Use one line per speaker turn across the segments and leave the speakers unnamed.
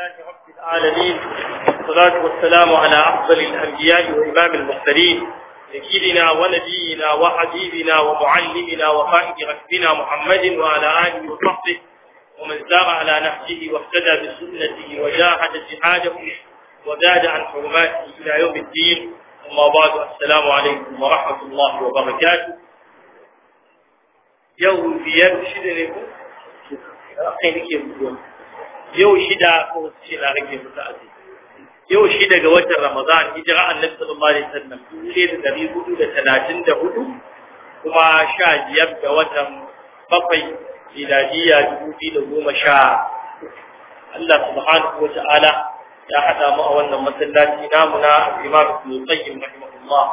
لله رب العالمين والصلاة والسلام على أفضل الأنبياء
وإمام المرسلين سيدنا ونبينا وحبيبنا ومعلمنا وقائد ركبنا محمد وعلى آله وصحبه ومن سار على نهجه واهتدى بسنته وجاهد جهاده وزاد عن حرماته إلى يوم الدين أما بعد السلام عليكم ورحمة الله وبركاته يوم بيام شدنكم أخي يوم yau shida ko shida rage musu azumi yau shi daga watan Ramadan hijira Annabi sallallahu alaihi wasallam dubu da dari hudu da talatin da hudu kuma sha biyar da watan bakwai miladiya dubu biyu da goma sha Allah subhanahu wa ta'ala ya haɗa mu a wannan masallaci namu na Imam Ibn Qayyim rahimahullah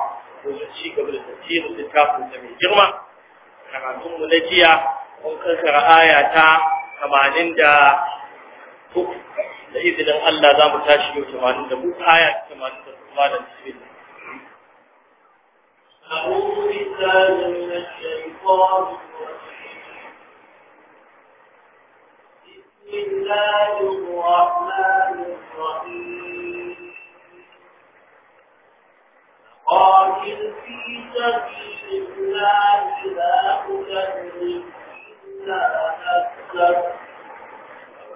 domin ci gaba da tafsirin littafin da mai girma karatun mu na jiya mun karkara aya ta 80 uku da izinin Allah za mu tashi yau tamanin da mu aya
tamanin da kuma da cikin الشيطان الرجيم بسم الله الرحمن الرحيم قاتل في سبيل الله لا أكلف إلا نفسك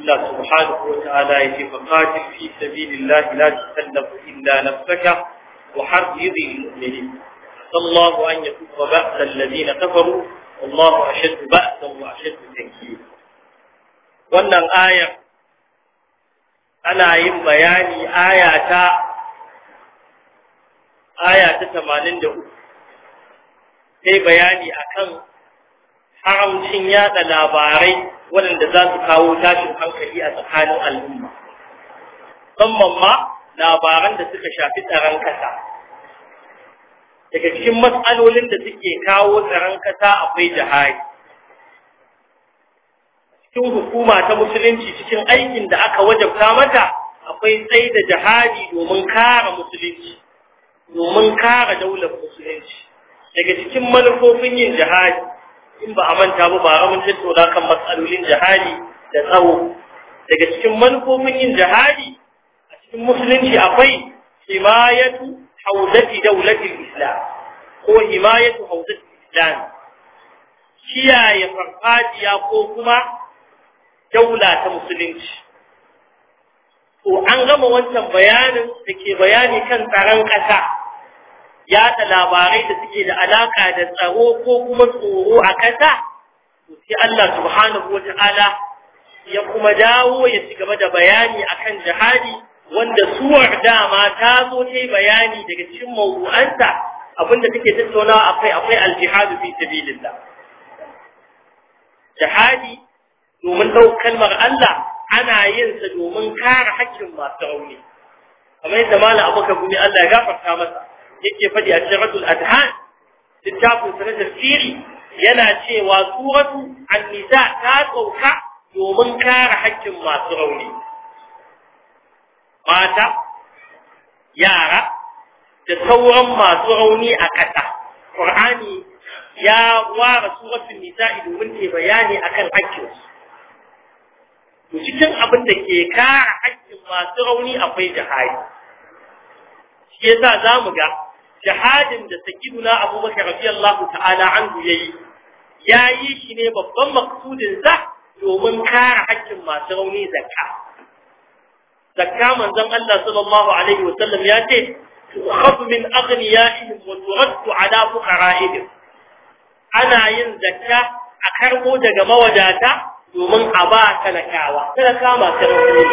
Allah subhanahu wa ta'ala wannan aya ana yin bayani aya ta aya ta 83 bayani akan haramcin yada labarai waɗanda za su kawo tashin hankali a tsakanin al'umma musamman ma labaran da suka shafi tsaron kasa daga cikin matsalolin da suke kawo tsaron kasa akwai jihari cikin hukuma ta musulunci cikin aikin da aka wajabta mata akwai tsaye da jihadi domin kare musulunci domin kare daular musulunci daga cikin manufofin yin jihadi in ba a manta ba ba mun tattauna kan matsalolin jihadi da tsawo daga cikin manufofin yin jihadi a cikin musulunci akwai himayatu haudati daulatil islam ko himayatu haudati islam kiyaye farfajiya ko kuma daula ta musulunci to an gama wancan bayanin da ke bayani kan tsaron ƙasa yada labarai da suke da alaka da tsaro ko kuma tsoro a kasa to sai Allah subhanahu wata'ala ya kuma dawo ya ci gaba da bayani akan jihadi wanda suwar dama ta zo ta bayani daga cikin mawu'anta abinda take tattaunawa akwai akwai aljihadu fi sabilillah jihadi domin ɗau kalmar Allah ana yin sa domin kare haƙƙin masu rauni kamar yadda malam abuka gumi Allah ya gafarta masa yake faɗi a cikin adhan littafin sa na tafsiri yana cewa suratu annisa ta sauka domin kare haƙƙin masu rauni mata yara da sauran masu rauni a ƙasa qur'ani ya ware suratul nisa'i domin ta bayani akan haƙƙinsu su cikin abin da ke kare haƙƙin masu rauni akwai jihari shi yasa za mu ga jihadin da sakiduna abubakar radiyallahu ta'ala yi. Ya yi shi ne babban maksudin sa domin kare haƙƙin masu rauni zakka zakka manzon Allah sallallahu alaihi wa sallam ya ce tukhadhu min aghniyaihim wa turaddu ala fuqara'ihim ana yin zakka a karbo daga mawadata domin a ba talakawa talaka masu rauni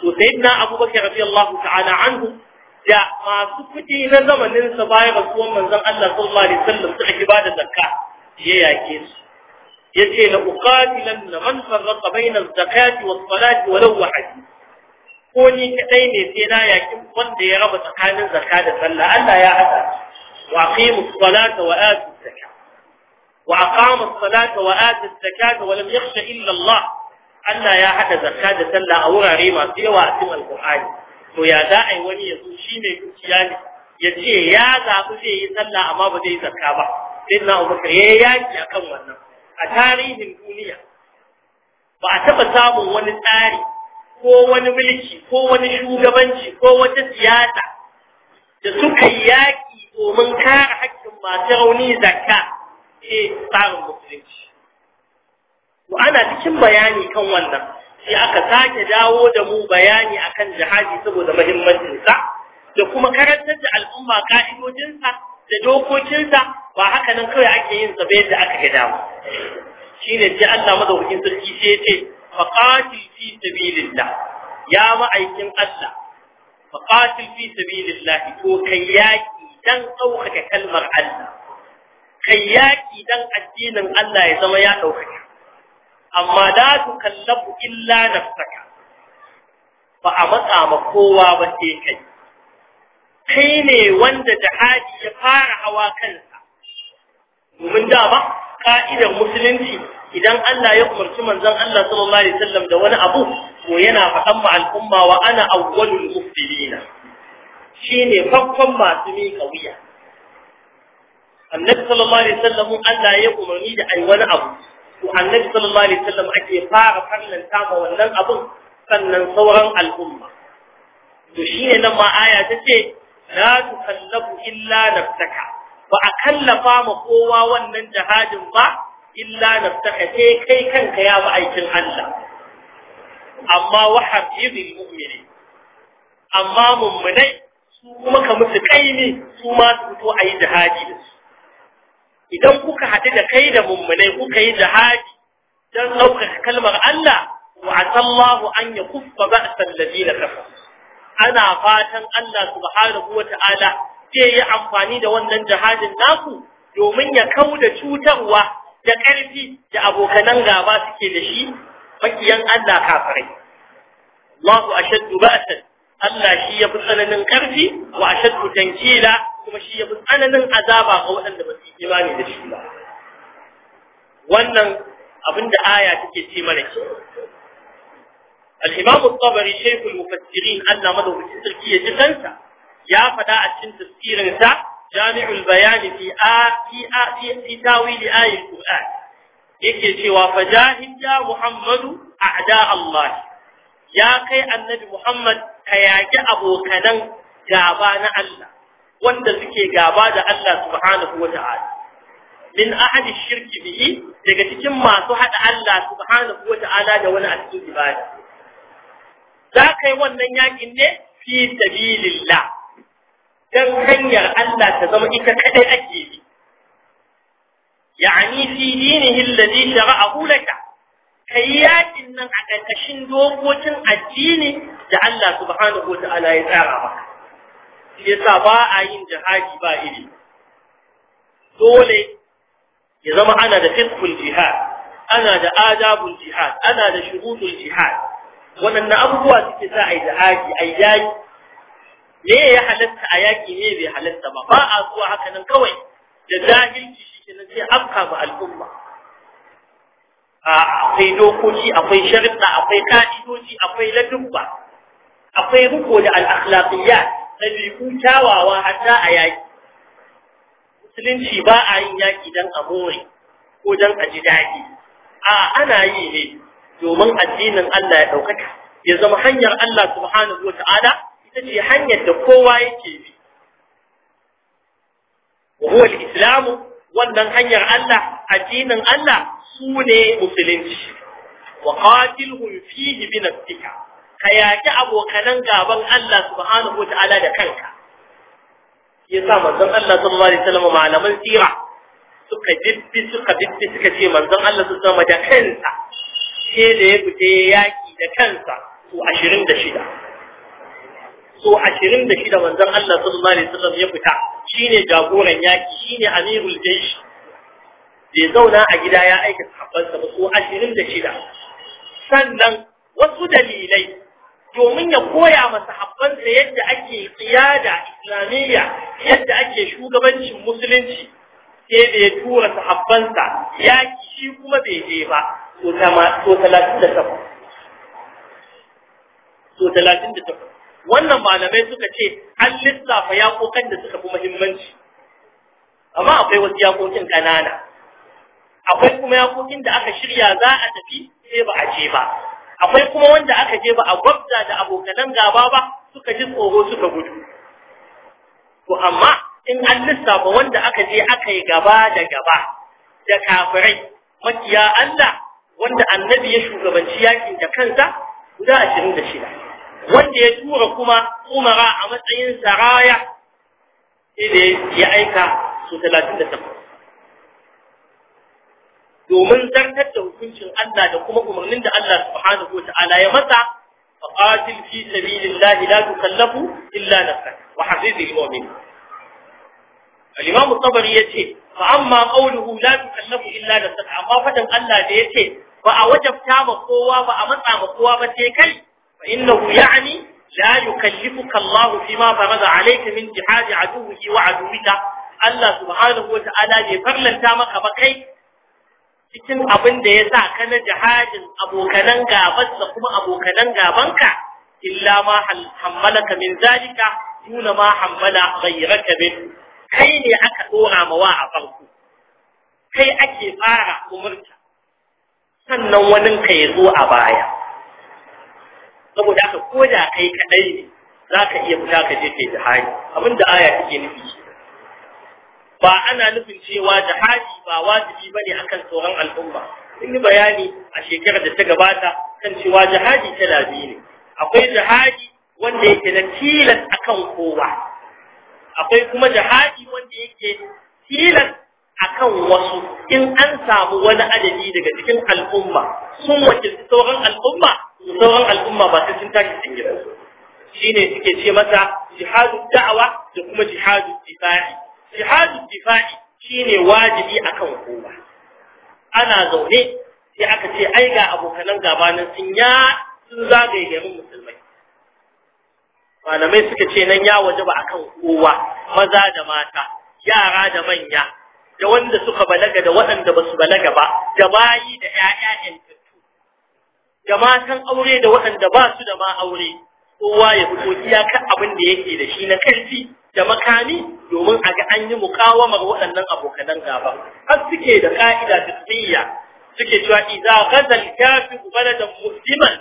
to sayyidina abubakar radiyallahu ta'ala anhu da masu kuɗi na zamanin sa bayan rasuwan manzon Allah sallallahu alaihi wasallam suka ki bada zakka ya yake su yace la uqatilan man farraqa baina az-zakati was-salati walau wahid ko ni kadai ne sai na yaki wanda ya raba tsakanin zakka da sallah Allah ya hada wa aqimu as-salata wa atu az-zakata wa aqama as-salata wa atu az-zakata wa lam yakhsha illa Allah Allah ya hada zakka da sallah a wurare masu yawa a cikin Al-Qur'ani to ya za a yi wani ya zo shi mai dukiya ne ya ce ya zaɓi zai yi sallah amma ba zai yi zakka ba sai na abubakar ya yaki a kan wannan a tarihin duniya ba a taɓa samun wani tsari ko wani mulki ko wani shugabanci ko wata siyasa da suka yi yaƙi domin kare hakkin masu rauni zakka ke eh, tsarin musulunci. To ana cikin bayani kan wannan shi aka sake dawo da mu bayani akan jihadi saboda mahimmancinsa da kuma karantar da al'umma ka'idojinsa da dokokinsa ba haka nan kawai ake yin sa da aka ga dama shine sai Allah madaukakin sarki sai ya ce faqatil fi sabilillah ya ma'aikin Allah faqatil fi sabilillah to kai yaki dan ɗaukaka kalmar Allah kai yaki dan addinin Allah ya zama ya ɗaukaka amma su kallafu illa nafsaka ba a matsa ma kowa ba sai kai kai ne wanda da jihadi ya fara hawa kansa domin ba, ka'idar musulunci idan Allah ya umarci manzon Allah sallallahu alaihi wasallam da wani abu to yana faɗan ma al'umma wa ana awwalul mufsidina shine fakkon masu miƙa wuya annabi sallallahu alaihi wasallam Allah ya umarni da ai wani abu to annabi sallallahu alaihi wasallam ake fara fannin tama wannan abun sannan sauran al'umma to shine nan ma aya tace la tukallafu illa nafsaka ba a kallafa ma kowa wannan jihadin ba illa nafsaka sai kai kanka ya ba aikin Allah amma wahabbil mu'minin amma mummunai su kuma ka musu kaimi su ma su fito ayi jihadi idan kuka haɗu da kai da mummunai kuka yi jihadi don ɗaukaka kalmar Allah wa asallahu an ya kuffa sallabi da kafa ana fatan Allah subhanahu wa ta'ala zai yi amfani da wannan jihadin naku domin ya kau da cutarwa da ƙarfi da abokanan gaba suke da shi makiyan Allah kafirai Allahu ashaddu san Allah shi yafi tsananin ƙarfi wa ashaddu tankila kuma shi ya fi tsananin azaba ga waɗanda ba su imani da shi ba wannan abin da aya take ce mana ke al-imam at-tabari shaykhul mufassirin Allah madawwaci sarki ya ji kansa ya faɗa a cikin tafsirin sa jami'ul bayan fi a fi a fi ayatul qur'an yake cewa fajahid ya muhammadu a'da Allah ya kai annabi muhammad ka yaki abokanan gaba na Allah wanda suke gaba da Allah subhanahu wa ta'ala min ahadi shirki bihi daga cikin masu hada Allah subhanahu wa ta'ala da wani a cikin ibada za ka yi wannan yakin ne fi sabilillah dan hanyar Allah ta zama ita kadai ake yi yani fi dinihi alladhi shara'ahu laka kai yakin nan a ƙarƙashin dokokin addini da Allah subhanahu wa ta'ala ya tsara maka ya yasa ba a yin jihadi ba iri dole ya zama ana da fitkun jihad ana da adabun jihad ana da shurutul jihad waɗanne abubuwa suke sa a yi jihadi a yaki me ya halatta a yaƙi ne bai halatta ba ba a zuwa haka nan kawai da jahilci shi ke nan sai afka ma al'umma akwai dokoki akwai sharuɗa akwai ka'idoji akwai ladubba akwai riko da al'akhlaqiyya ɗabi'u kyawawa hatta a yaƙi musulunci ba a yin yaƙi don a more ko don a ji daɗi a ana yi ne domin addinin Allah ya ɗaukaka ya zama hanyar Allah subhanahu wa ta'ala ita ce hanyar da kowa yake bi Wahuwar islamu wannan hanyar Allah addinin Allah su ne musulunci wa qatilhum fihi bi ka yaƙi abokanan gaban Allah subhanahu wata'ala da kanka Ya sa manzon Allah sallallahu alaihi wasallam malaman sira suka dibbi suka dibbi suka ce manzon Allah sallallahu alaihi da kansa ke da ya fite yaki da kansa ashirin so 26 so 26 manzon Allah sallallahu alaihi wasallam ya fita shine jagoran yaƙi, shine amirul jaysh bai zauna a gida ya aika sahabbansa ba da shida? sannan wasu dalilai domin ya koya masa habbansa yadda ake tsiyada islamiyya yadda ake shugabancin musulunci sai da ya tura habbansa ya shi kuma bai je ba so talatin da takwas so talatin da takwas wannan malamai suka ce an lissafa yakokan da suka fi muhimmanci amma akwai wasu yakokin ƙanana akwai kuma yakokin da aka shirya za a tafi sai ba a je ba akwai kuma wanda aka je ba a gwabza da abokanan gaba ba suka ji tsoro suka gudu to amma in an lissafa wanda aka je aka yi gaba da gaba da kafirai makiya Allah wanda annabi ya shugabanci yakin da kansa guda ashirin da shida wanda ya tura kuma umara a matsayin saraya sai da ya aika su talatin da takwas domin zartar da hukuncin Allah da kuma umarnin da Allah subhanahu wa ta'ala ya masa faqatil fi sabilillahi la tukallafu illa nafsak wa hafizil mu'min al-imam at-tabari yace fa amma qawluhu la tukallafu illa nafsak amma fadan Allah da yace ba a wajabta ma kowa ba a matsa ma kowa ba sai kai fa innahu ya'ni la yukallifuka Allah fima farada alayka min jihadi aduwwika wa aduwwika Allah subhanahu wa ta'ala bai farlanta maka ba kai cikin abin da ya sa ka na jihadin abokanan gabansa kuma abokanan gabanka illa ma hammalaka min zalika duna ma hammala ghayraka min kai ne aka dora mawa a farko kai ake fara umurta sannan wani ka ya zo a baya saboda aka koda kai kaɗai ne za ka iya fita ka je kai jihadi abin da aya take nufi ba ana nufin cewa jihadi ba wajibi ne akan sauran al'umma in yi bayani a shekarar da ta gabata kan cewa jihadi ta biyu ne akwai jihadi wanda yake na tilas akan kowa akwai kuma jihadi wanda yake tilas akan wasu in an samu wani adadi daga cikin al'umma sun wakilci sauran al'umma sauran al'umma ba sai sun tashi cikin gidansu shine suke ce masa jihadu da'awa da kuma jihadu difa'i jihadul difa'i shine wajibi akan kowa ana zaune sai aka ce ai ga abokanan gaba na sun ya sun zagaye garin musulmai
malamai suka ce nan
ya waje ba akan kowa maza da mata yara da manya da wanda suka balaga da waɗanda ba su balaga ba da bayi da 'ya'ya 'yantattu da matan aure da waɗanda ba su da ma aure kowa ya fito iyakar abin da yake da shi na karfi da makami domin a ga an yi mukawamar waɗannan abokanan gaba har suke da ka'ida tasmiya suke cewa idan ghaza al-kafir baladan musliman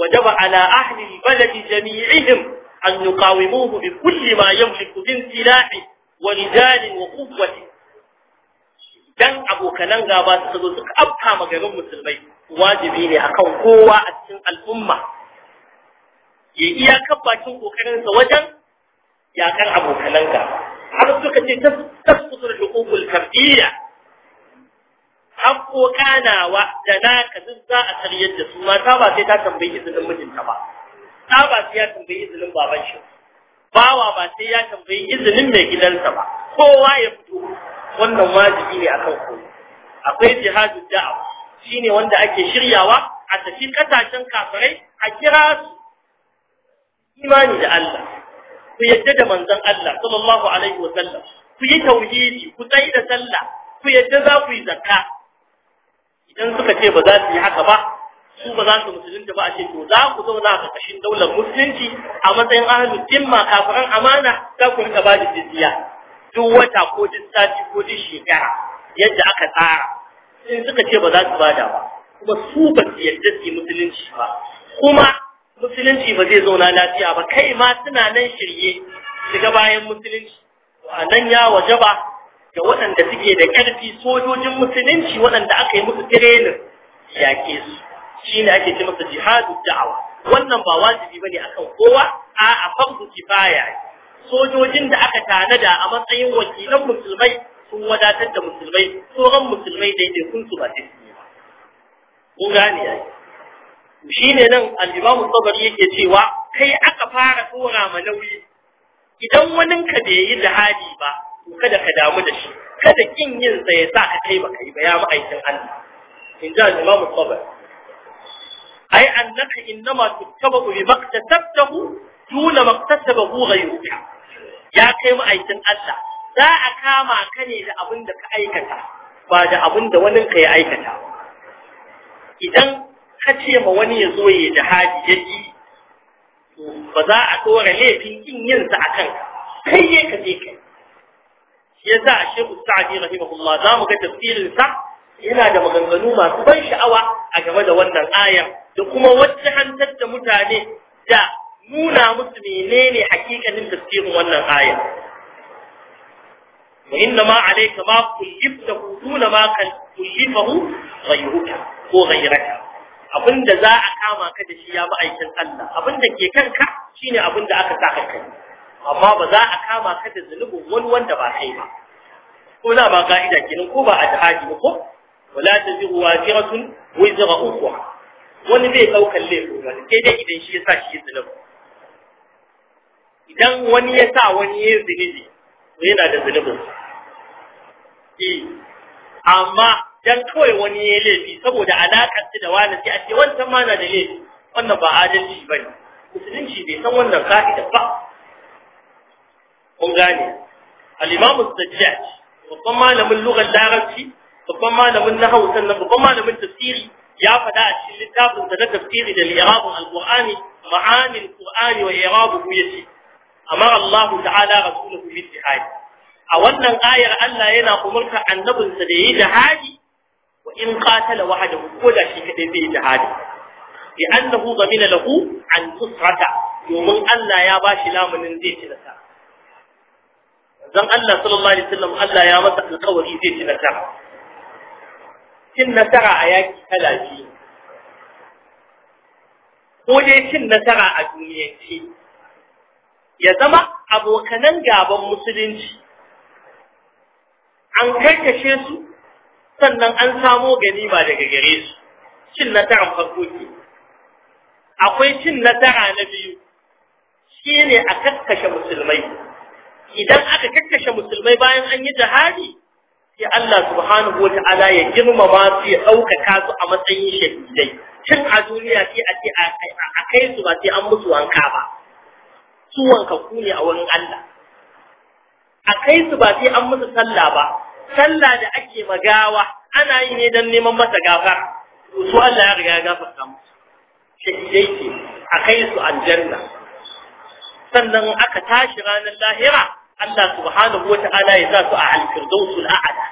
wajaba ala ahli al-balad jami'ihim an yuqawimuhu bi kulli ma yamliku min silahi wa rijalin wa quwwati dan abokanan gaba suka zo suka afka magarin musulmai wajibi ne akan kowa a cikin al'umma ya iyakar bakin kokarinsa wajen yakar abokananka har suka ce tasfutul huququl fardiyya wa da naka duk za a karyar da su mata ba sai ta tambayi izinin mijinta ba ta ba sai ya tambayi izinin baban shi bawa ba sai ya tambayi izinin mai gidansa ba kowa ya fito wannan wajibi ne akan kowa akwai jihadu da'awa shine wanda ake shiryawa a tafi kasashen kafirai a kira su imani da Allah ku yadda da manzon Allah sallallahu alaihi wa sallam ku yi tauhidi ku tsayi da sallah ku yadda za ku yi zakka idan suka ce ba za su yi haka ba su ba za su musulunta ba a ce to za ku zauna a ƙarƙashin daular musulunci a matsayin ahlul dimma kafiran amana za ku rika ba da jizya duk wata ko duk sati ko duk shekara yadda aka tsara in suka ce ba za su bada ba kuma su ba su yadda su yi musulunci ba kuma musulunci ba zai zauna lafiya ba kai ma suna nan shirye shiga bayan musulunci a nan ya waje ba, ga waɗanda suke da ƙarfi sojojin musulunci waɗanda aka yi musu tirenin ya ke su shi ne ake ce masa jihadu da'awa wannan ba wajibi ba ne a kan kowa a a fardu kifaya sojojin da aka tanada a matsayin wakilan musulmai sun wadatar da musulmai tsoron musulmai daidai kun su ba sai su ba. gane yi. shi ne nan al'imamu tsobari yake cewa kai aka fara tsora ma nauyi idan wani ka bai yi jihadi ba to kada ka damu da shi kada kin yin tsaye ya sa ka kai ba kai ba ya ma'aikin Allah in ji al'imamu tsobari ai annaka innama tuttabu bi maktasabtahu tuna maktasabahu ghayruka ya kai ma'aikin Allah za a kama ka ne da abin da ka aikata ba da abin da wani ka ya aikata idan ka ce ma wani ya zo ya jihadi ya ji ba za a ɗora laifin kin yin sa akan kai ya ka je kai shi yasa a shehu sa'adi za mu ga tafsirin sa yana da maganganu masu ban sha'awa a game da wannan ayar da kuma wacce hantar da mutane da nuna musu menene hakikanin tafsirin wannan ayar وإنما عليك ما كلفته دون ما كلفه غيرك وغيرك Abin da za a kama ka da shi ya ma'aikin Allah abin da ke kanka shine da aka sa ka kai amma ba za a kama ka da zunubin wani wanda ba kai ba ko za ba ka'ida kenan ko ba a jihadi ba ko wala taziru waziratun wizra ukhra wani zai daukar laifin wani sai dai idan shi ya sa shi zunubi idan wani ya sa wani ya zunubi yana da zunubin eh, amma dan kawai wani ya laifi saboda alakar da wani sai a ce wancan ma na da laifi wannan ba adalci ba ne musulunci bai san wannan ka'ida ba kun gane al-imamu sajjaj babban malamin lugar larabci babban malamin nahawu sannan babban malamin tafsiri ya faɗa a cikin littafin da na tafsiri da li'irabun al-qur'ani ma'anin qur'ani wa i'rabuhu yace amara Allah ta'ala rasuluhu bi jihad a wannan ayar Allah yana umurta annabinsa da yi jihadi in qatala wahdahu ko da shi kadai bai jihadi bi annahu zamina lahu an tusrata domin Allah ya bashi lamunin zai ci nasara dan Allah sallallahu Allah ya masa alƙawari zai ci cin nasara a yaki kala ko dai cin nasara a duniyanci ya zama abokanan gaban musulunci an karkashe su sannan an samo ganima daga gare su cin nasarar farko akwai cin nasara na biyu shi ne a kakkashe musulmai idan aka kakkashe musulmai bayan an yi jihadi sai Allah subhanahu wa ta'ala ya girmama su ya ɗaukaka su a matsayin shahidai cin a duniya sai a ce a kai su ba sai an musu wanka ba su wanka ku ne a wurin Allah a kai su ba sai an musu sallah ba sallah da ake magawa ana yi ne don neman masa gafar. su Allah ya riga ya gafar gafarta musu shahidai ke a kai su aljanna sannan aka tashi ranar lahira Allah subhanahu wa ta'ala ya sa su a alfirdausul a'ala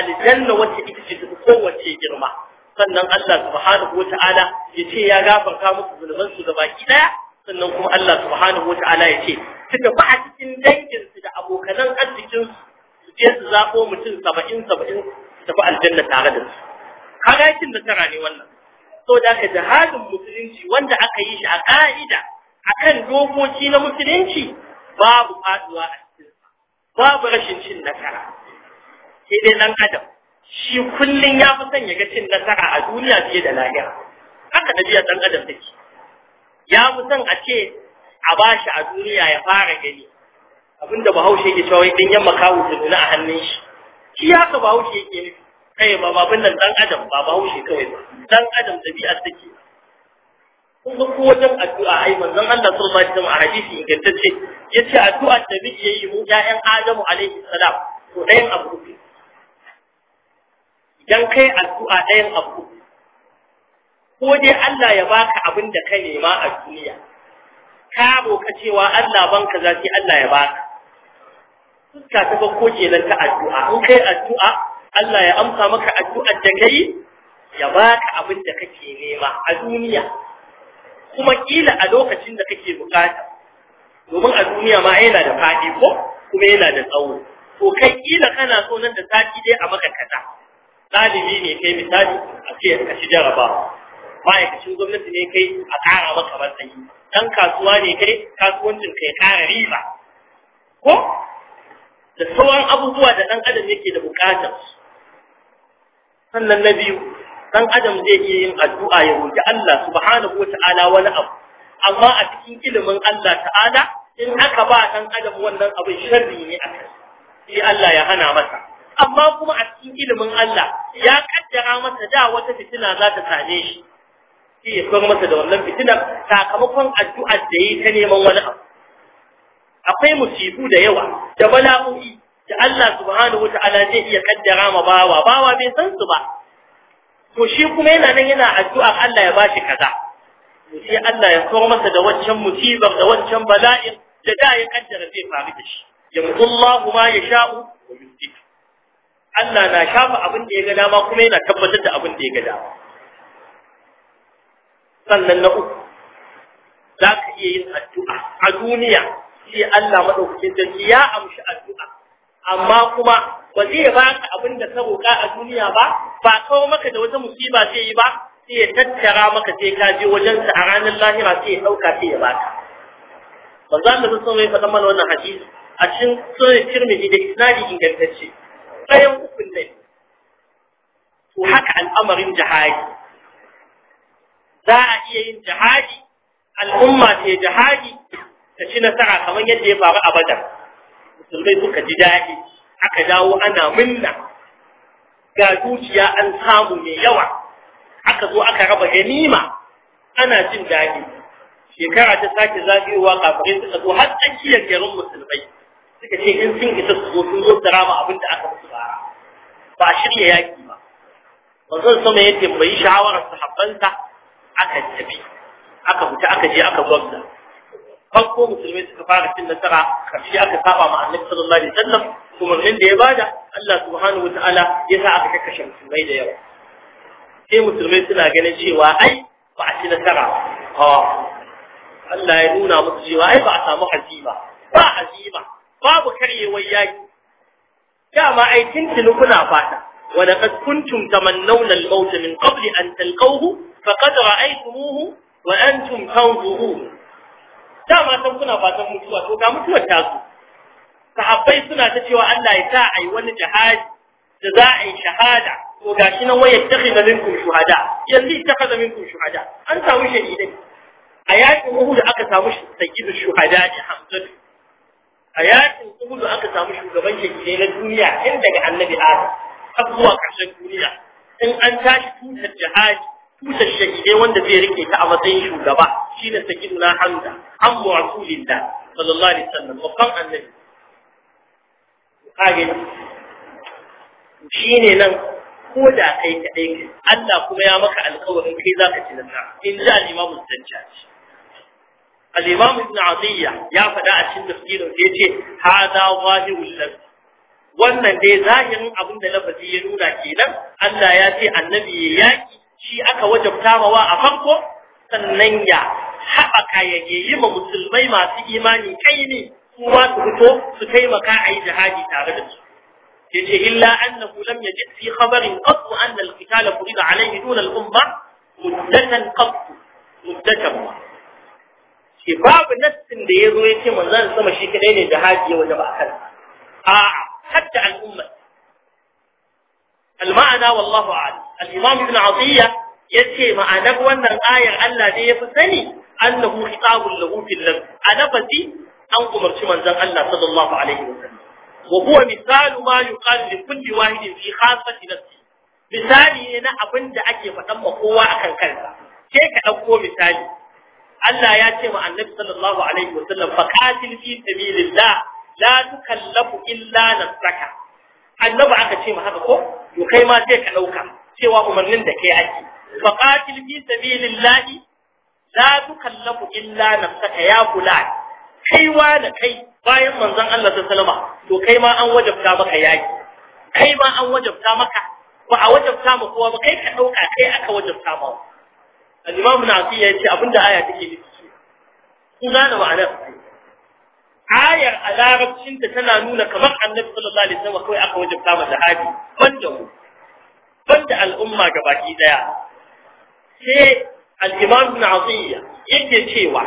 aljanna wacce ita ce ta kowace girma sannan Allah subhanahu wa ta'ala ya ce ya gafarta musu zulman su baki daya sannan kuma Allah subhanahu wa ta'ala ya ce suka ba a cikin dangin su da abokanan arzikin su sai su zaɓo mutum saba'in saba'in tafi aljanna tare da su kaga nasara ne wannan so da ka jihadin musulunci wanda aka yi shi a ka'ida akan dokoki na musulunci babu faduwa a cikin babu rashin cin nasara sai dai nan adam shi kullum ya fi son ya ga cin nasara a duniya fiye da lahira haka biya dan adam take ya fi son a ce a bashi a duniya ya fara gani abinda bahaushe yake cewa idan yamma kawo tununa a hannun shi shi ya haka bahaushe yake nufi kai ba babin nan dan adam ba bahaushe kawai ba dan adam dabi'ar take kun ko wajen addu'a ai manzon Allah sallallahu alaihi wasallam a hadisi ingantacce yace addu'a da muke yi mu ya'yan Adamu alaihi salam to ɗayan abu idan kai addu'a ɗayan abu ko dai Allah ya baka abin da ka nema a duniya ka boka cewa Allah banka za Allah ya baka Ka ta ko kenan ta addu'a in kai addu'a Allah ya amsa maka addu'ar da kai ya baka abin da kake nema a duniya kuma kila a lokacin da kake bukata domin a duniya ma yana da fadi ko kuma yana da tsawo to kai kila kana so nan da sati dai a maka kaza Dalibi ne kai misali a ce ka shi jaraba ma'aikacin gwamnati ne kai a kara maka matsayi Dan kasuwa ne kai kasuwancin kai kara riba ko da sauran abubuwa da ɗan adam yake da buƙatar sannan na biyu ɗan adam zai iya yin addu'a ya roƙi Allah subhanahu Ta'ala wani abu amma a cikin ilimin Allah ta'ala in aka ba ɗan adam wannan abu sharri ne a kai sai Allah ya hana masa amma kuma a cikin ilimin Allah ya kaddara masa da wata fitina za ta same shi sai ya kawo masa da wannan fitinar sakamakon addu'ar da ya ta neman wani abu akwai musibu da yawa da bala'o'i da Allah subhanahu ta'ala zai iya kaddara ma bawa bawa bai san su ba to shi kuma yana nan yana addu'a Allah ya bashi kaza to sai Allah ya kawo masa da waccan musibar da waccan bala'in da da ya kaddara zai faru da shi yamdu Allah ma ya sha'u
wa yusti
Allah na shafa abin da ya ga dama kuma yana tabbatar da abin da ya ga dama sannan na uku za ka iya yin addu'a a duniya shi Allah madaukakin sarki ya amshi addu'a amma kuma ba zai baka abin da ka roƙa a duniya ba ba kawo maka da wata musiba zai yi ba sai ya tattara maka sai ka je wajen sa a ranar lahira sai ya dauka sai ya baka banza da sun sai faɗan mana wannan hadisi a cikin sunan Tirmidhi da isnadi ingantacce Bayan ukun ne to haka al'amarin jihadi za a iya yin jihadi al'umma ta jihadi ta ci nasara kamar yadda ya faru a badar musulmai suka ji daɗi aka dawo ana minna ga dukiya an samu mai yawa aka zo aka raba ganima ana jin daɗi shekara ta sake zagayowa kafirai suka zo har tsakiyar garin musulmai suka ce in sun isa su zo sun zo su rama abin da aka musu bara ba shirya yaƙi ba zan sama ya bai shawarar sahabbansa aka tafi aka fita aka je aka gwamna farko musulmai suka fara cin nasara karshe aka saba ma annabi sallallahu alaihi wasallam umarnin da ya bada Allah subhanahu wataala ya sa aka kakkashe musulmai da yawa sai musulmai suna ganin cewa ai ba a ci nasara ba Allah ya nuna musu cewa ai ba a samu hazima ba hazima babu karyewar yaki dama ai tuntuni kuna fata ولقد كنتم تمنون الموت من قبل أن تلقوه فقد رأيتموه وأنتم تنظرون dama san kuna fatan mutuwa to ga mutuwar ta zo sahabbai suna ta cewa Allah ya sa ai wani jihadi da za a yi shahada to gashi nan wayar ta khina minkum shuhada yanzu ita kaza minkum shuhada an samu shahidai a yakin Uhud aka samu sayyidu shuhada ne Hamzatu a yakin Uhud aka samu shugaban shahidai na duniya tun daga Annabi Adam har zuwa ƙarshen duniya in an tashi tutar jihadi tutar shahidai wanda zai rike ta a matsayin shugaba sakin shine sayyiduna hamza kulin da sallallahu alaihi wasallam babban annabi kage ne nan ko da kai dai kai Allah kuma ya maka alƙawarin kai zaka ci nasara in ji al-imam al al-imam ibn adiyya ya faɗa a cikin tafsirin sai yace hada zahirul lafz wannan dai zahirin abin da lafazi ya nuna kenan Allah ya ce annabi ya yaki shi aka wajabta wa a farko sannan ya haɓaka ya yi ma musulmai masu imani kai ne kuma su fito su taimaka a yi jihadi tare da su yace illa annahu lam yajid fi khabarin qat anna al-qitala furida alayhi dun al-umma muddatan qat muddatan shi babu nassin da yazo yace manzon sama shi kadai ne jihadi ya wajaba akan a'a hatta al-umma al-ma'ana wallahu a'lam al-imam ibn atiyya yace ma'anar wannan ayar Allah ne ya fi sani annahu khitabun lahu fil lam anafati an umarci manzon Allah sallallahu alaihi wasallam wa huwa misalu ma yuqal li kulli wahidin fi khassati nafsi misali ne na abinda ake faɗan ma kowa akan kansa Ke ka ɗauko misali Allah ya ce ma annabi sallallahu alaihi wasallam faqatil fi sabilillah la tukallafu illa nafsaka annabi aka ce ma haka ko to kai ma sai ka ɗauka cewa umarnin da kai ake faqatil fi sabilillah la tukallafu illa nafsaka ya fulan kai wa da kai bayan manzon Allah sallallahu to kai ma an wajabta maka yaki kai ma an wajabta maka ba a wajabta ma kowa ba kai ka dauka kai aka wajabta ma al-imam nafi ya ce abinda aya take nufi kun gane ma'anar ayar a larabcinta tana nuna kamar annabi sallallahu alaihi wasallam kawai aka wajabta ma jihadi banda mu banda al'umma gabaki daya sai al-imam ibn atiyya yake cewa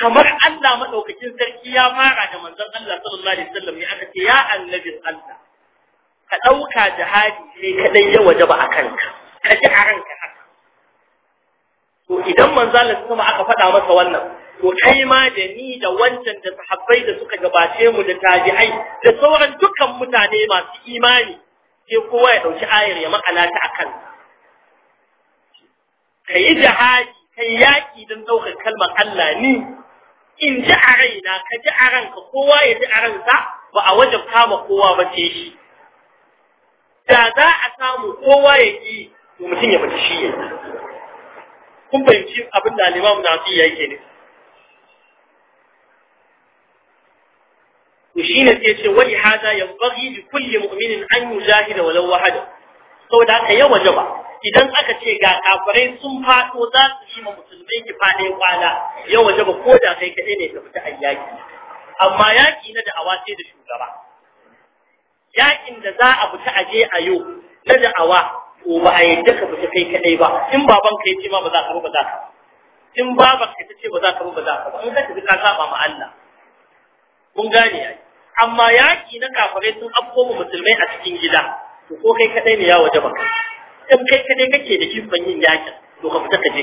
kamar Allah madaukakin sarki ya fara da manzon Allah sallallahu alaihi wasallam ne aka ce ya annabi Allah ka ɗauka jihadi sai kaɗai ya ba a kanka, ka ji a ranka haka to idan manzon Allah kuma aka faɗa masa wannan to kai ma da ni da wancan da sahabbai da suka gabace mu da tabi'ai da sauran dukkan mutane masu imani sai kowa ya ɗauki ayar ya makala ta akan ka yi jihadi ka yi yaƙi don ɗaukar kalmar Allah ni in ji a raina ka ji a ranka kowa ya ji a ransa ba a wajen kama kowa ba ce shi da za a samu kowa ya ƙi to mutum ya mutu shi ya kun fahimci abin da alimamu na fi yake ne to shine sai ce wani hada yanbaghi li kulli mu'minin an jahida walau wahada saboda haka ya jaba idan aka ce ga kafirai sun faɗo za su yi ma musulmai ki fade kwana yau waje ba ko da kai kaɗai ne ka fita a yaƙi amma yaƙi na da'awa sai da shugaba yaƙin da za a fita a je a yau na da'awa ko ba a yadda ka fita kai kaɗai ba in baban ka ya ce ma ba za ka ba ba za ka in baban ka ta ce ba za ka ba ba za ka ba in ka tafi ka saba ma Allah kun gane ya amma yaƙi na kafirai sun afko musulmai a cikin gida to ko kai kaɗai ne ya waje ba kai in kai kaɗai kake da ikon yin yakin to ka fita ka je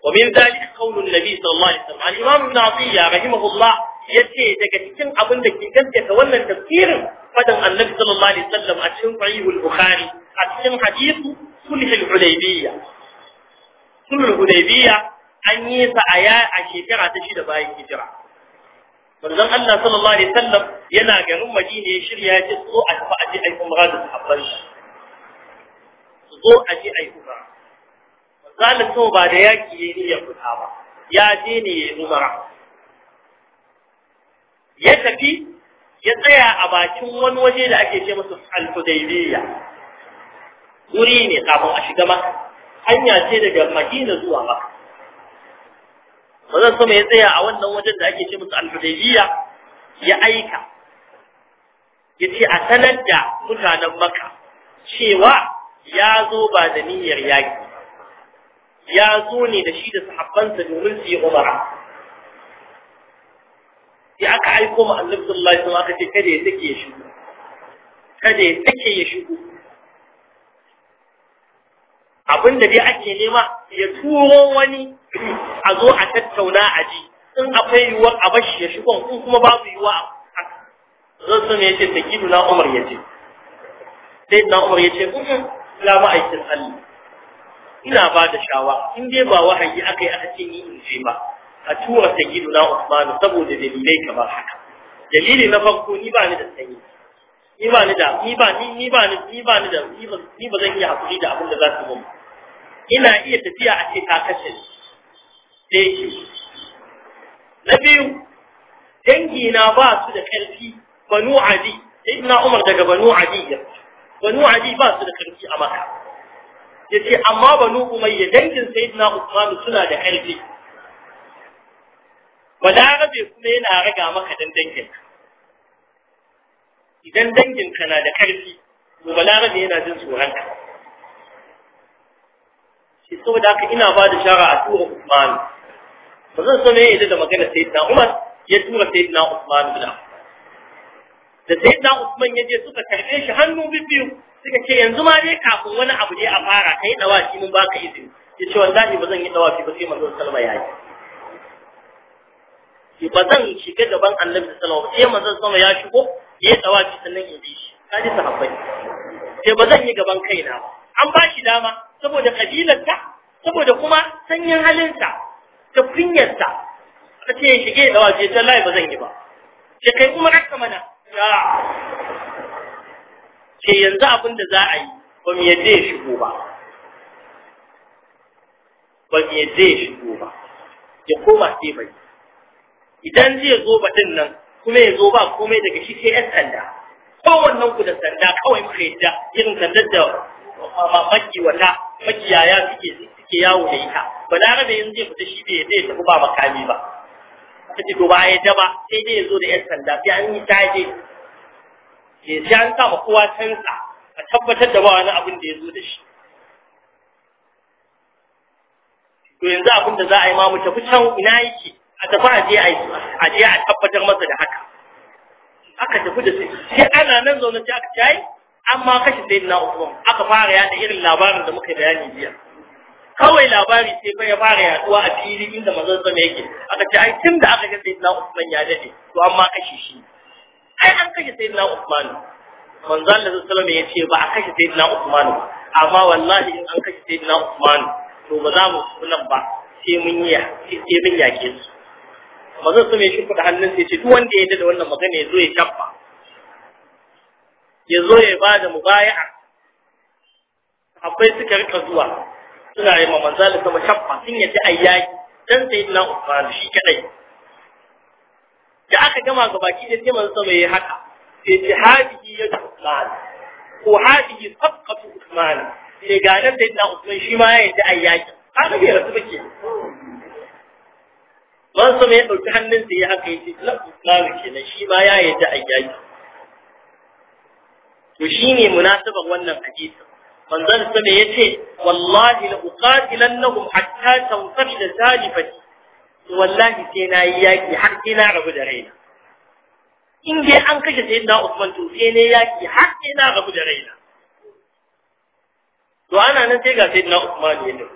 ومن ذلك قول النبي صلى الله عليه وسلم الإمام ابن عطية رحمه الله yace daga cikin abin da ke gaskata wannan tafsirin fadan annabi sallallahu alaihi a cikin sahihul bukhari a cikin hadith sulhul hudaybiyya sulhul hudaybiyya an yi a shekara ta shida bayan hijira manzon Allah sallallahu alaihi wasallam yana garin Madina ya shirya ya ce zo a tafi aje ai umra da sahabban shi zo aje ai umra manzon Allah ba da yaki ya yi ya fita ba ya je ne ya umra ya tafi ya tsaya a bakin wani waje da ake ce masa al-Hudaybiyya wuri ne kafin a shiga Makka hanya ce daga Madina zuwa Makka manzon sama ya tsaya a wannan wajen da ake ce musu al-hudaybiyya ya aika yace a sanar da mutanen makka cewa ya zo ba da niyyar yaki ya zo ne da shi da sahabbansa domin su yi umara sai aka aiko ma annabi sallallahu alaihi wasallam aka ce kada ya take ya shigo kada ya take ya shigo dai ake nema ya turo wani a zo a tattauna a ji in akwai yiwuwar a bashi ya shigo in kuma babu yiwuwa zan sun yace da gidu na Umar ce sai na Umar ya ce, in la ma'aikin Allah ina ba da shawa in dai ba wahayi akai aka ce ni in je ba a tura ta gidu na Usman saboda dalilai kamar haka dalili na farko ni ba ni da sanyi ni ba ni da ni ba ni ni ba ni ni ba ni da ni ba zan iya hakuri da abin da za su mun ina iya tafiya a ce ka kashe ni ɗaya na biyu dangi na ba su da ƙarfi banu adi sai ina umar daga banu adi ya banu adi ba su da ƙarfi a maka yace amma banu umayya dangin sayyidina usman suna da ƙarfi balarabe kuma yana raga maka dan dangin idan dangin ka na da ƙarfi to balarabe yana jin tsoron ka shi saboda haka ina ba da shara a tura usman zan so ne yadda da magana sayyidina Umar ya tura sayyidina Usman bin da sayyidina Usman ya je suka karbe shi hannu biyu suka ce yanzu ma dai kafin wani abu ne a fara kai dawafi mun baka izini ce wallahi ba zan yi dawafi ba sai manzon sallama ya yi ba zan shiga gaban Annabi sallallahu alaihi wasallam sai manzon sallama ya shigo ya dawafi sannan in bi shi kaji sahabbai sai ba zan yi gaban kaina ba an ba shi dama saboda kabilarsa saboda kuma sanyin halinsa ta kunyarta ta ce shige da waje ta lai ba zan yi ba ke kai kuma rakka mana ya Ke yanzu abin da za a yi ba mu yadda ya shigo ba ba mu yadda ya shigo ba ya koma sai bai idan zai zo din nan kuma ya zo ba komai daga shi sai 'yan sanda kowannen ku da sanda kawai muka yadda irin sandar da mamaki wata makiyaya suke suke yawo da ita balarabe in zai fita shi bai zai tafi ba makami ba aka ce to ba ya daba sai dai ya zo da yan sanda sai an yi taje ke sai an sa kowa sansa a tabbatar da ba wani abin da ya zo da shi to yanzu abin da za a yi ma mu tafi can ina yake a tafi a je a je a tabbatar masa da haka aka tafi da su sai ana nan zaune sai aka ce amma kashe na Usman aka fara yaɗa irin labarin da muka bayani biya kawai labari sai fa ya fara yaduwa a fili inda manzon ne yake aka ce ai tun da aka ga na Usman ya dade to amma kashe shi ai an kashe na Usman manzon Allah sallallahu alaihi ya ce ba a kashe na Usman amma wallahi in an kashe na Usman to ba za mu sunan ba sai mun yi sai mun yake su manzon sama ya shimfa da hannun sai ce duk wanda ya da wannan magana ya zo ya tabba ya zo ya bada mubaya'a akwai suka rika zuwa suna yi ma manzalin sama shabba sun ta ayyaki dan na Usman shi kadai da aka gama ga baki da sai manzo bai haka sai ji hadihi ya Usman ko hadihi sabqatu Usman sai ga nan da na Usman shi ma ya yi ayyaki ga bai rasu bake manzo mai dauki hannun sai ya haka yace la ke kenan shi ma ya yi ayyaki to shine munasabar wannan hadisin manzon ya yace wallahi la uqatilannahum hatta tawfida zalifati wallahi sai na yi yaki har sai na rabu da raina in dai an kashe da Usman to sai ne yaki har sai na rabu da raina to ana nan sai ga da Usman ne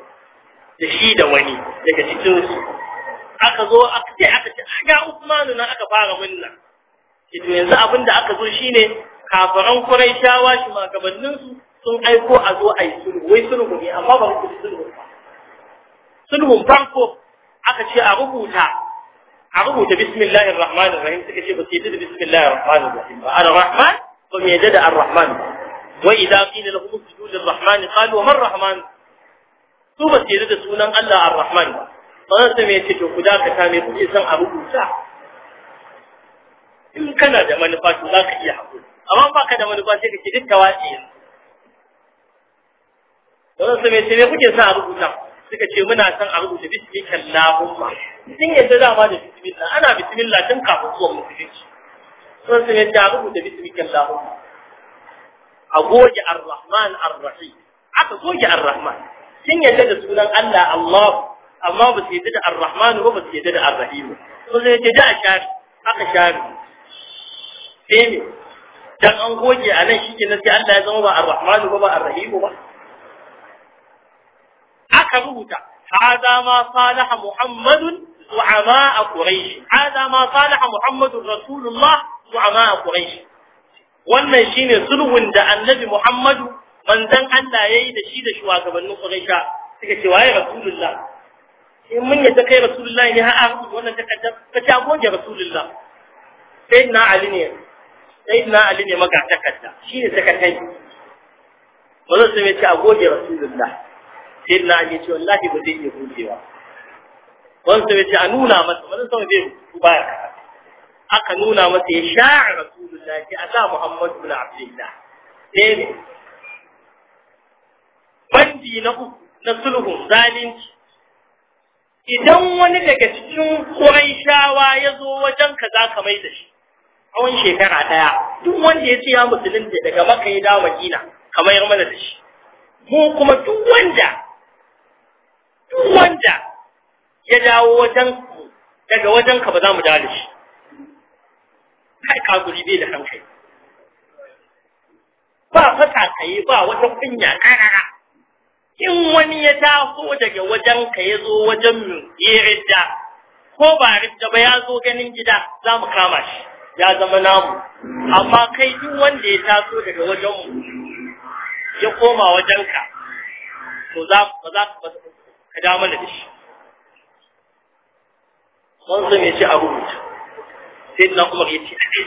da shi da wani daga cikin su aka zo aka ce aka ce ah, ga Usman nan aka fara munna to yanzu abinda aka zo shine kafaran Quraishawa shi magabannin su sun aiko a zo a yi sulhu wai sulhu ne amma ba rubuta sulhu ba sulhun farko aka ce a rubuta a rubuta bismillahir rahmanir rahim suka ce ba su yadda da bismillahir rahmanir rahim ba ar rahman ba mu yadda da ar rahman wa idza qila lahum isjudu lir rahman qalu man rahman su ba su yadda da sunan Allah ar rahman ba sannan sai me yace to ku dakata me kuke son a rubuta in kana da manufa to za ka iya haƙuri amma ba ka da manufa sai ka ce duk tawaci yanzu wannan su mai ne me kuke sa a rubuta suka ce muna son a rubuta bismika Allahumma. Sun yadda ma da bismillah ana bismillah tun kafin zuwa musulunci. Sauran su mai ce a rubuta bismika Allahumma. A goge Ar-Rahman Ar-Rahim. Aka goge Ar-Rahman. Sun yadda da sunan Allah Allah amma ba su yadda da Ar-Rahman ba ba su yadda da Ar-Rahim. Sun yadda da a shari aka shari. Sai ne dan an goge a nan shi ke na sai Allah ya zama ba Ar-Rahman ba ba Ar-Rahim ba. aka rubuta hadha ma salaha muhammadun zu'ama quraish hadha ma salaha muhammadun rasulullah zu'ama quraish wannan shine sulhun da annabi muhammadu manzon Allah yayi da shi da shugabannin quraisha suka ce waye rasulullah in mun yadda kai rasulullah ne har an rubuta wannan takaddar ka ci goge rasulullah sayyidina ali ne sayyidina ali ne maka takarda shine sakatai wannan sai ya ce a goge rasulullah sai na ya ce wallahi ba zai iya gogewa Wansu ya ce a nuna masa wani sama zai rubutu baya aka nuna masa ya sha'a rasulullahi a sa muhammadu bin abdullah sai ne bandi na uku na sulhun zalunci idan wani daga cikin shawa ya zo wajen ka za ka mai da shi tsawon shekara ɗaya duk wanda ya ce ya musulunta daga maka ya dawo madina kamar mana da shi
mu kuma duk wanda duk wanda
ya dawo wajen daga wajen ka ba za mu dawo da shi kai guri bai da hankali ba fata kai ba wata kunya ƙarara. in wani ya taso daga wajen ka ya zo wajen mu ya ridda ko ba ridda ba ya zo ganin gida za mu kama shi ya zama namu amma kai duk wanda ya taso daga wajen mu ya koma wajen ka to za ba za ka da mana da shi wanzan ya ce abu rubuta sai na umar ya ce a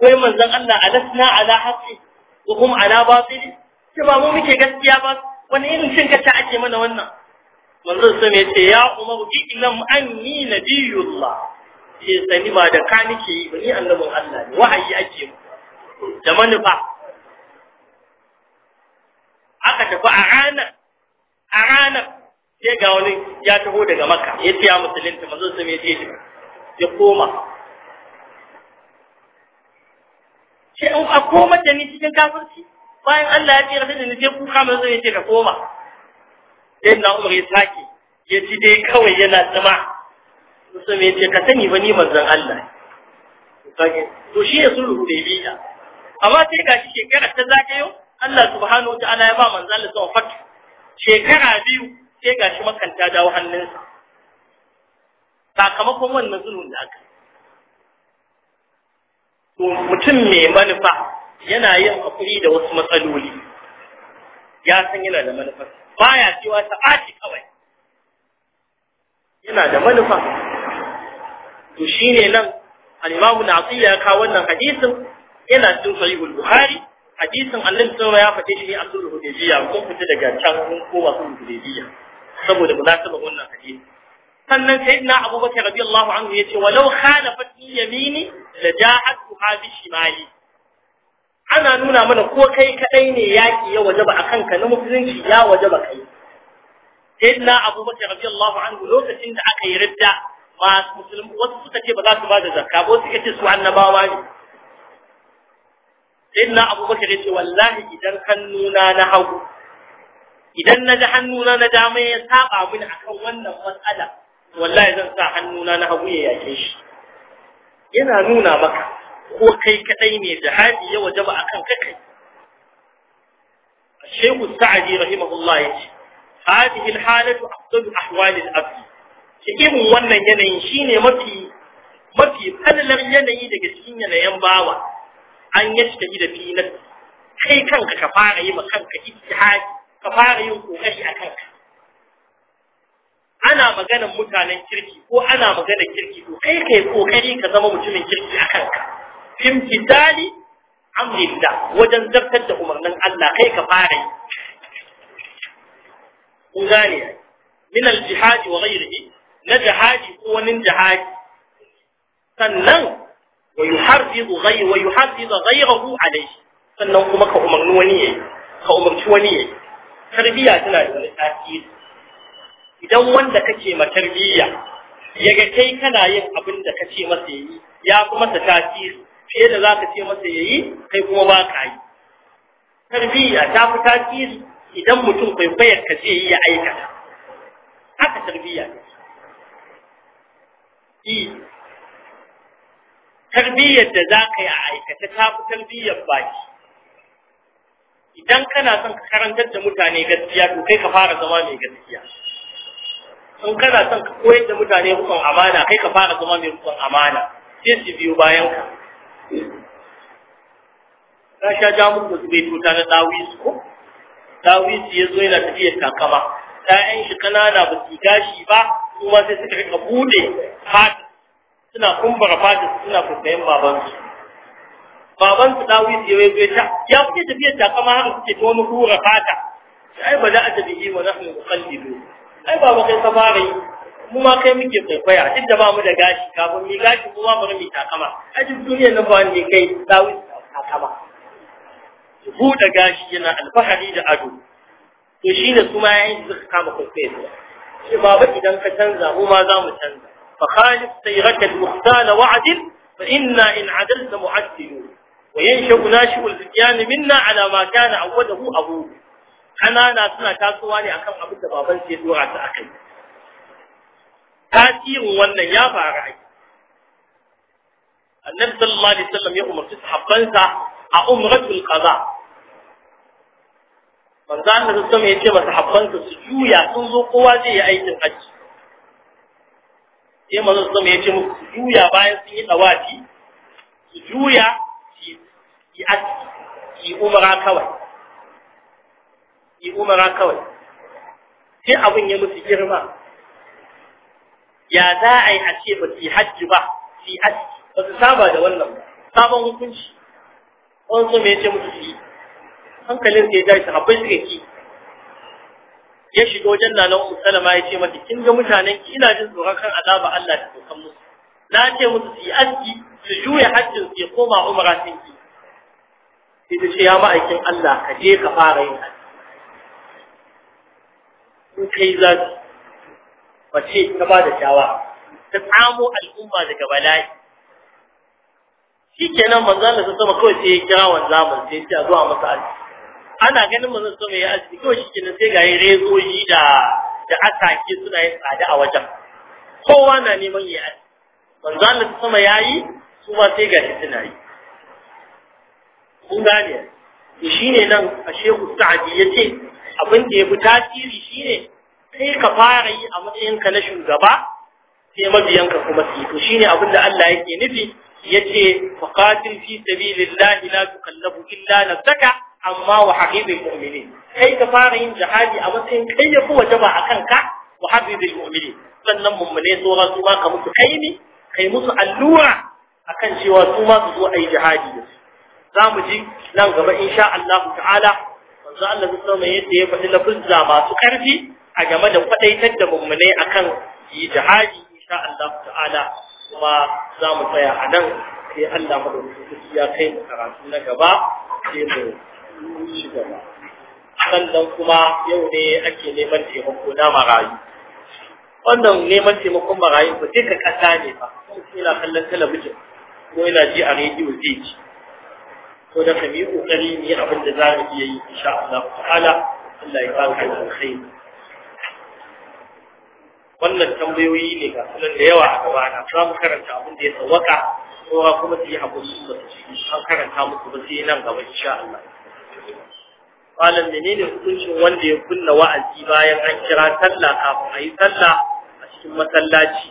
kai manzan Allah alasna ala haqqi wa hum ala batili ce ba mu muke gaskiya ba wani irin cin ta ake mana wannan manzon sai ya ce ya umar bi ilm anni nabiyullah sai sani ba da ka nake yi ba ni annabin Allah ne wa'ayi ake mu da manufa aka tafi a ranar a ranar sai ga wani ya taho daga maka ya ce ya musulunta mazan su mai ce ya koma ce in a koma da ni cikin kafirci bayan Allah ya ce rafi da ni sai kuka mazan ya ce ka koma sai na umar ya sake ya ci dai kawai yana tsima musu mai ce ka sani ba ni mazan Allah to shi ya sulhu da biya amma sai ga shi shekara ta zagayo Allah subhanahu ta'ala ya ba manzo Allah sa shekara biyu sai gashi makanta dawo hannunsa sakamakon wannan zulun da aka to mutum mai manufa yana yin hakuri da wasu matsaloli ya san yana da manufa baya cewa ta ɓaci kawai yana da manufa to shine nan al-Imam Nawawi ya kawo wannan hadisin yana cikin Sahihul Bukhari hadisin annabi sallallahu ya faɗe shi ne a sulhu hudaybiya ko fita daga can kun koma sulhu hudaybiya saboda munasabar wannan hadisi sannan sai sayyidina abubakar radiyallahu anhu yace walau khalafat bi yamini la ja'atu bi shimali ana nuna mana ko kai kadai ne yaki ya wajaba akan ka na musulunci ya wajaba kai sayyidina abubakar radiyallahu anhu lokacin da aka yi ridda ma musulmi wasu suka ce ba za su ba da zakka ba suka ce su annabawa ne sayyidina abubakar ya ce wallahi idan hannuna na hagu idan na ji hannuna na dama ya saba mini akan wannan matsala wallahi zan sa hannuna na hagu ya yake shi yana nuna maka ko kai kadai ne jihadi ya wajaba akan kai الشيخ السعدي رحمه الله يجي هذه الحالة أفضل أحوال الأبد cikin wannan yanayin shine mafi mafi yanayi daga cikin yanayin bawa an yadda da fi kai kanka ka fara yi ma kanka ijtihadi ka fara yin kokari a kanka ana maganar mutanen kirki ko ana maganar kirki to kai kai kokari ka zama mutumin kirki a kanka imtidali amrillah wajen zartar da umarnin Allah kai ka fara yi kun gane min al-jihad wa ghayrihi na jihadi ko wani jihadi sannan wa yuharridu ghayr wa yuharridu sannan kuma ka umarni wani yayi ka umarci wani yayi tarbiyya tana da wani tasiri idan wanda kake ma tarbiyya yaga kai kana yin abin da kace masa yayi ya kuma ta tasiri fiye da zaka ce masa yayi kai kuma ba ka yi tarbiyya ta fi tasiri idan mutum kwaikwayar ka ce yi ya aikata haka tarbiyya ne tarbiyyar da za ka yi a aikata ta fi tarbiyyar baki idan kana son ka karantar da mutane gaskiya to kai ka fara zama mai gaskiya in kana son ka koyar da mutane hukun amana kai ka fara zama mai hukun amana sai su biyo bayan ka ka sha ja muku su bai tuta na dawisu ko dawisu ya zo yana tafiyar takama 'yan shi ƙanana ba su gashi ba kuma sai suka rika bude fata suna kumbura fata suna kusayen babansu babansu dawis ya zai ta ya kuke tafiya ta kama har suke ta wani kura fata ai ba za a tafi yi wa nahnu qallibu ai ba ba kai safari mu ma kai muke kwaikwaya duk da ba mu da gashi kafin mi gashi mu ma bari mu takama a duk duniyar nan ba wani kai dawis takama buɗe gashi yana alfahari da ado to shine su ma yayin da suka kama kwaikwaya shi baba idan ka canza mu ma za mu canza فخالف سيرك المختال وعدل فإنا إن عدلت معدلون وينشأ ناشئ الفتيان منا على ما كان عوده أبوه أنا لا سنة كاسواني أكم بابا سيد سيدورة أكل تاثير وانا يا فارعي النبي صلى الله عليه وسلم يأمر تسحبانسا أمرة القضاء manzo Allah sun ya الله masa habbansa su juya sun zo kowa zai sai manzon zama ya ce musu su juya bayan sun yi dawafi su juya su yi aski yi umara kawai yi umara kawai sai abin ya musu girma ya za a yi a ce ba su yi hajji ba su yi aski ba su saba da wannan sabon hukunci wani zama ya ce musu su yi hankalin sai ya jari su habbai suka ke ya shiga wajen na lawan Salama ya ce mata kin ga mutanen ki ina jin tsoron kan azaba Allah ta dokan musu na ce musu su yi aski su juya hajjin su ya koma umara sun ki sai ta ce ya ma'aikin Allah ka je ka fara yin hajji in kai za su mace ta ba da shawa ta tsamo al'umma daga bala'i shi kenan manzan da ta sama kawai sai ya kira wanzamin sai ya ce a zuwa masa aski ana ganin manzon sama ya aski kawai shi kenan sai gayi rezoji da da atake suna yin tsada a wajen kowa na neman ya aski manzo Allah sama yayi su ma sai gashi suna yi kun gane to shine nan a Shehu Sa'di yace abin da yafi tasiri shine kai ka fara yi a matsayin ka na shugaba sai mabiyanka kuma su yi to shine abin da Allah yake nufi yace faqatil fi sabilillahi la tukallabu illa nafsaka amma wa bai mumini kai ka fara yin jihadi a matsayin kai ya fi wajaba a kanka wa haqiqil mu'minin sannan mummune sauran su ma ka musu kai ne kai musu allura akan cewa su ma su zo ayi jihadi da su za mu ji nan gaba insha Allah ta'ala manzo Allah sallallahu alaihi yadda ya faɗi lafuzza masu karfi a game da kwadaitar da mummune akan yi jihadi insha Allah ta'ala kuma za mu tsaya a nan sai Allah madaukakin ya kai mu karatu na gaba sai mu shi gaba sannan kuma yau ne ake neman taimako na marayu wannan neman taimakon marayu ba duka ƙasa ne ba mutum yana kallon talabijin ko yana ji a rediyo zai ji ko da ka miƙo ƙari ne abin da za mu iya yi insha Allah ta'ala Allah ya kawo da alkhairi wannan tambayoyi ne ga sunan da yawa a gaba na za mu karanta abin da ya sawaka kowa kuma su yi haƙuri su ba su ci an karanta muku ba sai nan gaba insha Allah malam menene hukuncin wanda ya kunna wa'azi bayan an kira talla kafin a yi talla a cikin masallaci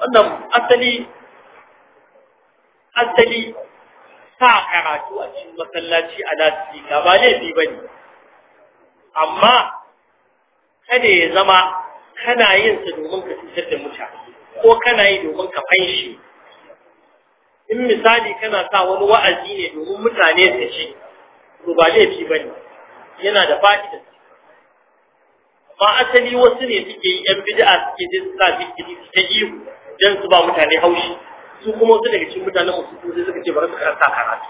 wannan asali asali sa karatu a cikin masallaci a lasifika ba laifi ba ne amma kada ya zama kana yin sa domin ka cutar da mutane ko kana yi domin ka fanshi in misali kana sa wani wa'azi ne domin mutane su shi. to ba laifi ba ne yana da fa'ida amma asali wasu ne suke yi ‘yan bid'a suke je suka zikiri su ta ihu don su ba mutane haushi su kuma su daga cikin mutane musu su suka ce bari su karanta karatu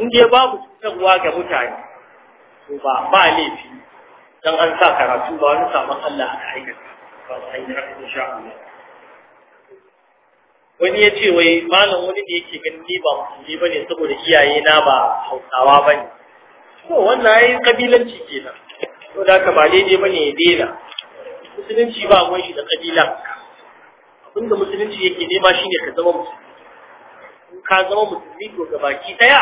in dai babu cutarwa ga mutane to ba ba laifi dan an sa karatu ba wani saman Allah a aikata ba sai ya rabu insha Allah wani ya ce wai malam wani da yake ganin ni ba musulmi bane saboda iyaye na ba hausawa bane to wannan ai kabilanci kenan to da ka ba daidai bane ya daina musulunci ba gwan shi da kabila abinda musulunci yake nema shine ka zama musulmi in ka zama musulmi to ga baki daya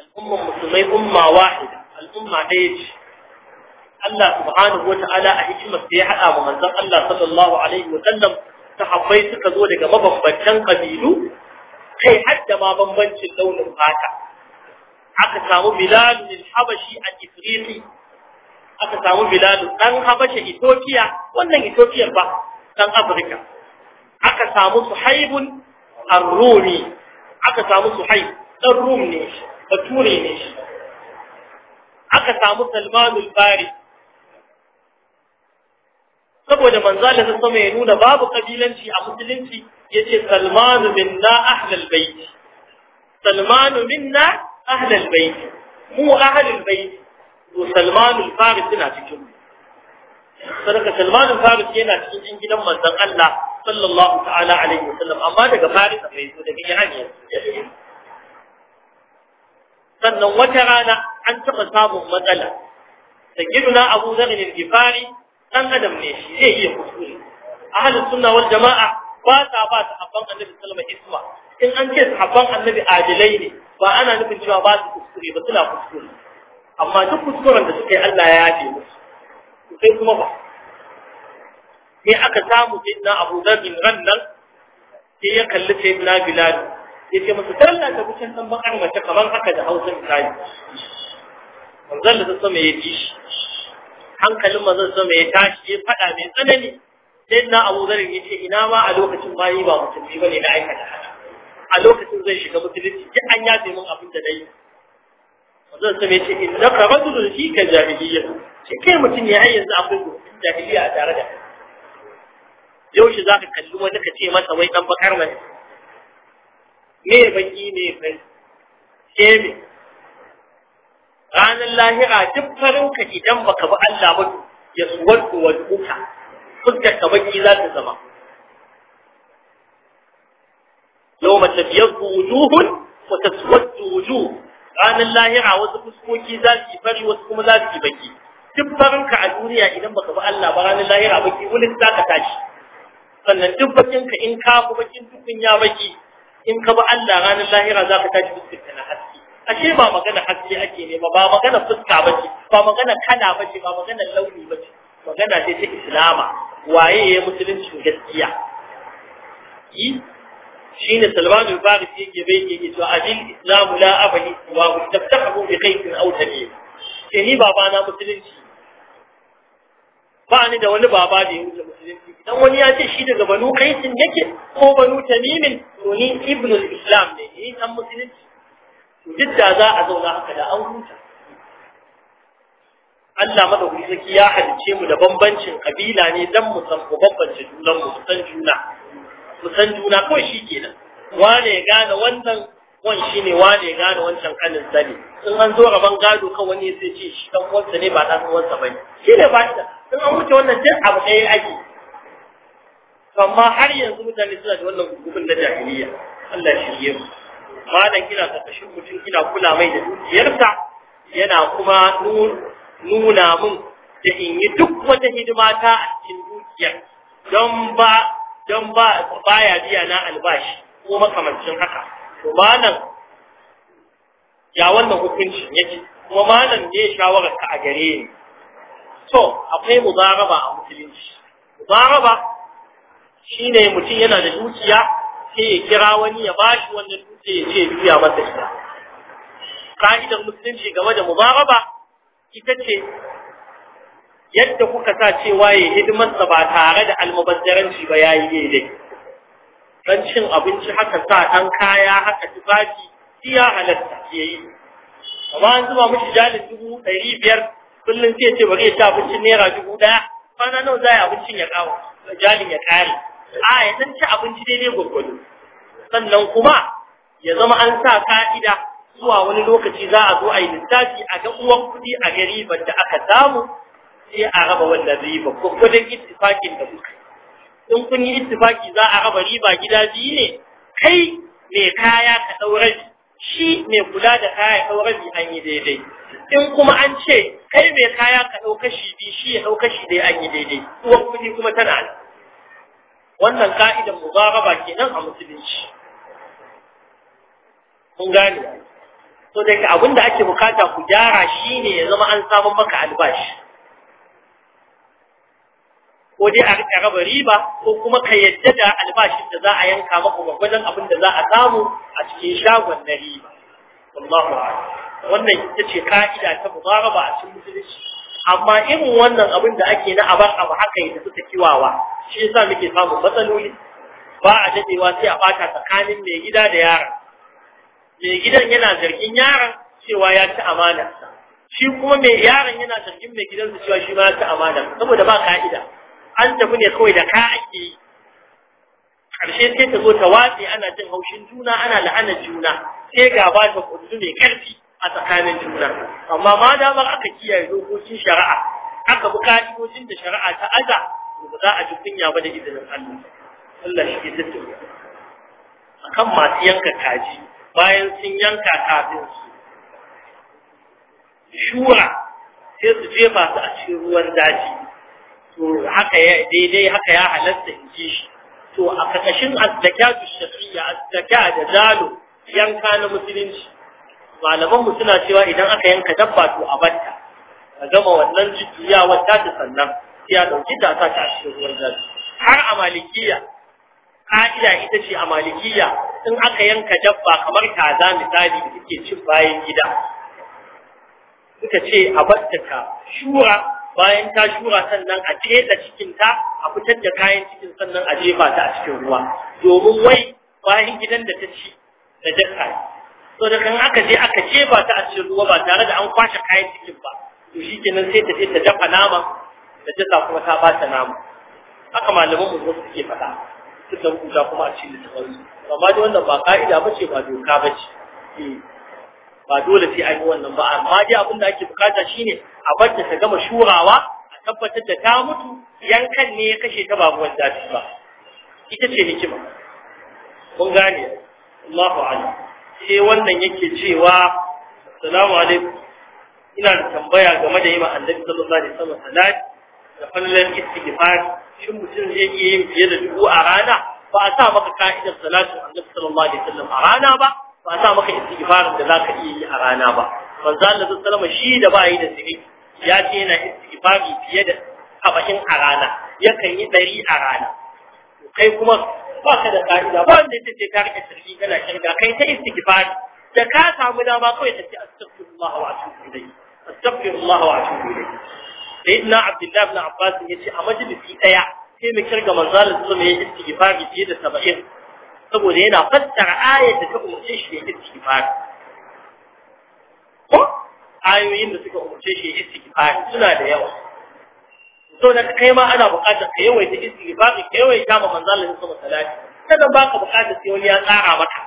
al'ummar musulmai umma wahida al'umma daya ce Allah subhanahu wa ta'ala a hikimar da ya haɗa wa manzon Allah sallallahu alaihi wa sallam sahabbai suka zo daga mabambantan kabilu kai hadda ma bambancin launin fata aka samu bilal min habashi a ifriqi aka samu bilal dan habasha ethiopia wannan ethiopia ba dan afrika aka samu suhaibun ar-rumi aka samu suhaib dan rum ne bature ne aka samu salmanul faris saboda manzo Allah ta sama ya nuna babu kabilanci a musulunci yace Salman minna ahlul bait Salman minna ahlul bait mu ahlul bait to Salman al-Faris yana cikin sadaka Salman al-Faris yana cikin gidan manzon Allah sallallahu ta'ala alaihi wasallam amma daga Faris bai zo daga Iran ne sannan wata rana an taɓa samun matsala sayyiduna Abu Dharr al-Ghifari dan adam ne shi zai iya kuskure ahlus sunna wal jamaa ba ta ba ta abban annabi sallallahu alaihi wasallam in an ce habban annabi adilai ne ba ana nufin cewa ba su kuskure ba suna kuskure amma duk kuskuren da suka yi Allah ya yafe musu sai kuma ba me aka samu sai na Abu Dharr bin Rannan sai ya kalli sai na Bilal yace masa talla ta bucin dan bakar mace kamar haka da Hausa misali manzon da sama ya ji shi hankalin mazan sama ya tashi ya faɗa mai tsanani sai na abu zarin ya ce ina ma a lokacin bayi ba musulmi ba ne na aikata a lokacin zai shiga musulunci ya an yafe min abin da na yi mazan sama ya ce in na karɓar da shi ka jahiliya ce kai mutum ya yi yanzu akwai jahiliya a tare da yau yaushe za ka kalli wani ka ce masa wai ɗan bakar mai me baki ne bai ke mai ranar lahira duk farinka idan baka bi Allah ba ya suwaddu wa duka fuskar ka baki za ta zama yawma tabyaddu wujuhun wata taswaddu wujuh ranar lahira wasu fuskoki za su yi fari wasu kuma za su yi baki duk farinka a duniya idan baka bi Allah ba ranar lahira baki wulin za ka tashi sannan duk bakin ka in ka bi bakin dukun ya baki in ka bi Allah ranar lahira za ka tashi fuskar ka na haske ashe ba magana haske ake ne. ba magana fuska bace ba magana kana bace ba magana launi bace magana ce ta islama waye ya musulunci gaskiya yi shine Salman al ce ke bai ke. to abin islamu la abali wa taftahu bi khayrin aw tabiyin ke ni baba na musulunci ba ni da wani baba da ya wuce musulunci idan wani ya ce shi daga banu kaisin yake ko banu tamimin to ni ibnul islam ne ni dan musulunci duk da za a zauna haka da an huta Allah madaukaki saki ya halice mu da bambancin kabila ne dan mu san ko bambance junan mu san juna mu san juna ko shi kenan wane ya gane wannan wan shi ne wane ya gane wancan kanin sani in an zo gaban gado kan wani sai ce shi dan uwansa ne ba dan uwansa bane shi ne ba in an huta wannan duk abu ɗaya ake amma har yanzu mutane suna da wannan gugubin na jahiliya Allah shi yi mu malam ina ƙarƙashin mutum ina kula mai da dukiyarsa yana kuma nuna mun da in yi duk wata hidima ta a cikin dukiyar don ba don baya biya na albashi ko makamancin haka to malam ya wannan hukuncin yake kuma malam ne shawarar ka a gare ni to akwai mubaraba a musulunci mubaraba shine mutum yana da dukiya sai ya kira wani ya bashi wannan dutse ya ce biya masa shi ka'idar musulunci game da mubaraba ita ce yadda kuka sa cewa ya hidimarsa ba tare da almubazzaranci ba yayi daidai dan cin abinci haka sa dan kaya haka tufafi iya halatta yi amma an zuba mishi jalin dubu ɗari biyar kullum sai ce bari ya ci abincin naira dubu ɗaya kwana nawa za a yi abincin ya kawo jalin ya ƙare a ya san ci abinci daidai gwargwado sannan kuma ya zama an sa ka'ida zuwa wani lokaci za a zo a yi lissafi a ga uwan kuɗi a gari da aka samu sai a raba wannan riba gwargwadon ittifakin da kuka in kun yi ittifaki za a raba riba gida biyu ne kai mai kaya ka ɗaurabi shi mai kula da kaya ya ɗaurabi an yi daidai in kuma an ce kai mai kaya ka ɗau kashi biyu shi ya ɗau kashi dai an yi daidai uwan kuɗi kuma tana da wannan ka'idar mubaraba kenan a musulunci Mun gane so da abin da ake bukata ku gyara shine ya zama an samu maka albashi ko dai a rika raba riba ko kuma ka yadda da albashin da za a yanka maka gwagwajen abin da za a samu a cikin shagon na riba wallahu a'lam wannan ita ce ka'ida ta mubaraba a cikin musulunci amma irin wannan abin da ake na abar abu haka yadda suka kiwawa shi yasa muke samun matsaloli ba a dadewa sai a bata tsakanin mai gida da yaron mai gidan yana zargin yaron cewa ya ci amana shi kuma mai yaron yana zargin mai gidansa cewa shi ma ya ci amana saboda ba ka'ida an tafi ne kawai da ka ake Karshe sai ta zo ta watse ana jin haushin juna ana la'anar juna sai ga ba ta kudu mai karfi a tsakanin juna amma ma damar aka kiyaye dokokin shari'a aka bi ka'idojin da shari'a ta aza ba za a ji kunya ba da izinin Allah Allah shi ke tattauna akan masu yanka kaji bayan sun yanka kafin su shura sai su je masu a cikin ruwan daji to haka ya daidai haka ya halatta in ji shi to a kakashin azzakatu shafiya azzaka da zalo yanka na musulunci malaman mu suna cewa idan aka yanka dabba to a batta a gama wannan jujjuyawar ta ta sannan ya ɗauki ta ta ta cikin ruwan zafi har a malikiya ka'ida ita ce a malikiya in aka yanka dabba kamar kaza misali da suke cin bayan gida suka ce a batta ka shura bayan ta shura sannan a cikin cikinta a fitar da kayan cikin sannan a jefa ta a cikin ruwa domin wai bayan gidan da ta ci da dakka so da kan aka je aka ba ta a cikin ruwa ba tare da an kwashe kayan cikin ba to shi kenan sai ta je ta dafa nama da ta kuma ta ta nama haka malaman mu su suke faɗa suka rubuta kuma a cikin littafin amma dai wannan ba ka'ida ba ce ba doka ba ce eh, ba dole sai an yi wannan ba amma dai abin da ake bukata shine a bar ta gama shurawa a tabbatar da ta mutu yankan ne ya kashe ta babu wani zafi ba ita ce hikima kun gane Allahu a'lam sai wannan yake cewa assalamu alaikum ina da tambaya game da yin annabi sallallahu alaihi wasallam salati da fallan istighfar shin mutum zai iya yin fiye da dubu a rana ba a sa maka ka'idar salatin annabi sallallahu alaihi wasallam a rana ba ba a sa maka istighfarin da za ka iya yi a rana ba manzo Allah sallallahu alaihi shi da ba yi da sirri ya ce yana istighfari fiye da 70 a rana yakan yi 100 a rana kai kuma ba ka da ka'ida ba wanda yake ka rike sarki kana shirga kai ta istighfari da ka samu dama kawai ta ce astaghfirullah wa atubu ilayhi astaghfirullah wa atubu ilayhi sayyidina abdullah ibn abbas ya ce a majalisi daya sai mu kirga manzalin su mai istighfari fiye da 70 saboda yana fassara ayat da ta umarce shi ya istighfari ko ayoyin da suka umarce shi ya istighfari suna da yawa so da kai ma ana buƙatar ka yawaita istighfari ka yawaita ma manzo Allah sallallahu alaihi wasallam kada baka buƙatar sai wani ya tsara maka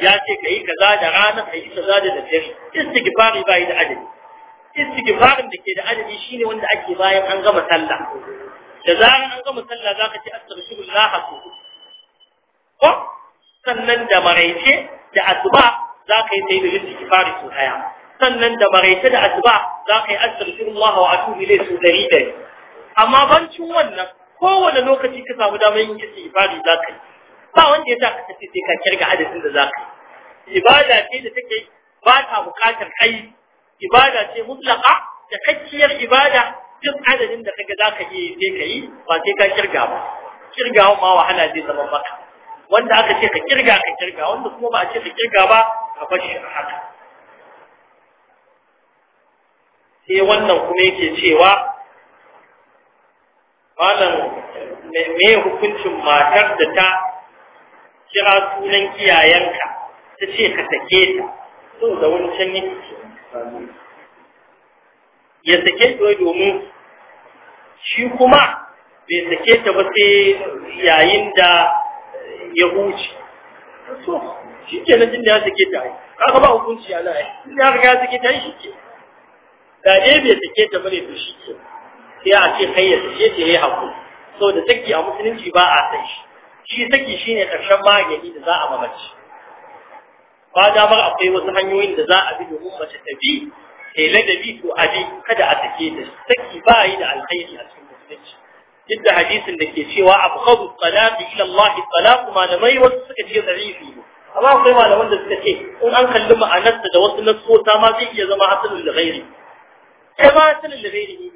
ya ce kai kaza da rana kai kaza da daddare istighfari bai da adali. istighfarin da ke da adali shine wanda ake bayan an gama sallah da zaran an gama sallah zaka ce astaghfirullah ko sannan da maraice da asuba za ka yi tayi da istighfari su daya sannan da maraice da asuba za ka yi astaghfirullah wa atubu ilayhi su dari dari amma bancin wannan kowane lokaci ka samu damar yin istighfari za ka yi ba wanda ya sa ka sai ka kirga adadin da za ka yi ibada ce da take ba ta buƙatar kai ibada ce mutlaka da kakkiyar ibada duk adadin da kaga za ka yi sai ka yi ba sai ka kirga ba kirga ma wahala zai zama maka wanda aka ce ka kirga ka kirga wanda kuma ba a ce ka kirga ba ka bar a haka sai wannan kuma yake cewa malam me hukuncin matar da ta kira sunan iyayenka ta ce ka sake ta so da wani can yake ya sake ta domin shi kuma bai sake ta ba sai yayin da ya huce so shi ke nan jin da ya sake ta yi kaka ba hukunci ya yi ya riga sake ta yi shi ke da ɗaya bai sake ta bane to shi ke sai a ce kai sai sake ta yayi hakuri da saki a musulunci ba a san shi shi saki shine karshen magani da za a mamaci ba damar akwai wasu hanyoyin da za a bi domin mace ta bi sai ladabi ko abi kada a take da saki ba yi da alkhairi a cikin musulunci duk da hadisin da ke cewa Abu-Kabu, abghadu salati ila Allah talaq malamai wasu suka ce zarifi amma akwai malaman da suka ce in an kalli ma'anarsa da wasu nasu nasota ma zai iya zama hasalul ghairi kai ma hasalul ghairi ne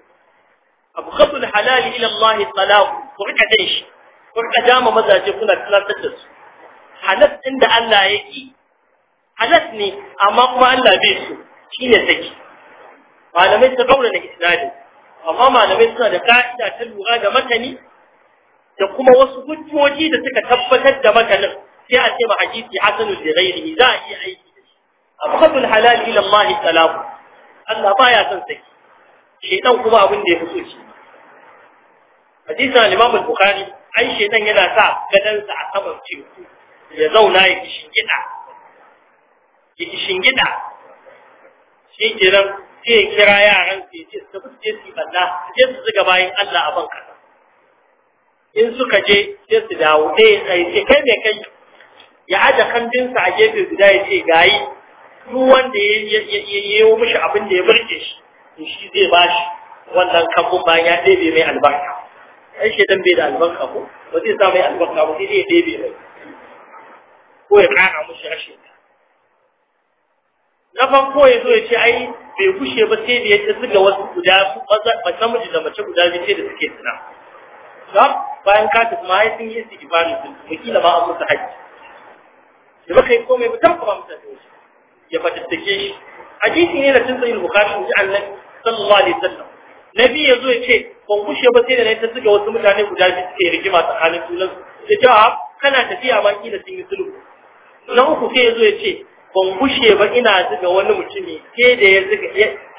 abghadul halali ila Allah talaq ku rika dai shi ku rika jama mazaje kuna tilatar da su halal din da Allah yake halal ne amma kuma Allah bai so shine saki malamai ta kaura na isnadi amma malamai suna da ka'ida ta lura ga matani da kuma wasu hujjoji da suka tabbatar da matanin sai a ce ma hadisi hasanul li ghairihi za a yi aiki abghadul halali ila Allah talaq Allah baya son saki shedan kuma abin da ya fi soci hadisin al-imam al-bukhari ai shedan yana sa gadansa a saman teku ya zauna ya shingida. ya shingida shi kenan sai ya kira yaran su ya ce su tafi je su balla je su zuga bayan Allah a ban kasa in suka je sai su dawo ɗaya eh, tsaye sai kai mai kai ya aje kandinsa a gefe guda ya ce gayi duk wanda ya yi mishi abin da ya burge shi In shi zai bashi wannan kambun bayan ya ɗebe mai albarka ɗan shaidan bai da albarka ko ba zai sa mai albarka ba sai zai ɗebe mai ko ya ƙara mushi rashin na farko ya zo ya ce ai bai kushe ba sai da yadda suka wasu guda mace namiji da mace guda biyu sai da suke suna bayan ka tafi ma sun yi istighfari sun wakila ma an musu haji da baka yi komai ba tamfa ba mutane ya fatattake shi hadisi ne da tun sayin bukatun ji annabi sallallahu alaihi wasallam nabi yazo ya ce ban kushe ba sai da nayi ta zuga wasu mutane guda biyu suke rigima tsakanin sunan ya ce kana tafiya ba kila sun yi sulhu na uku sai yazo ya ce ban kushe ba ina zuga wani mutumi sai da ya zuga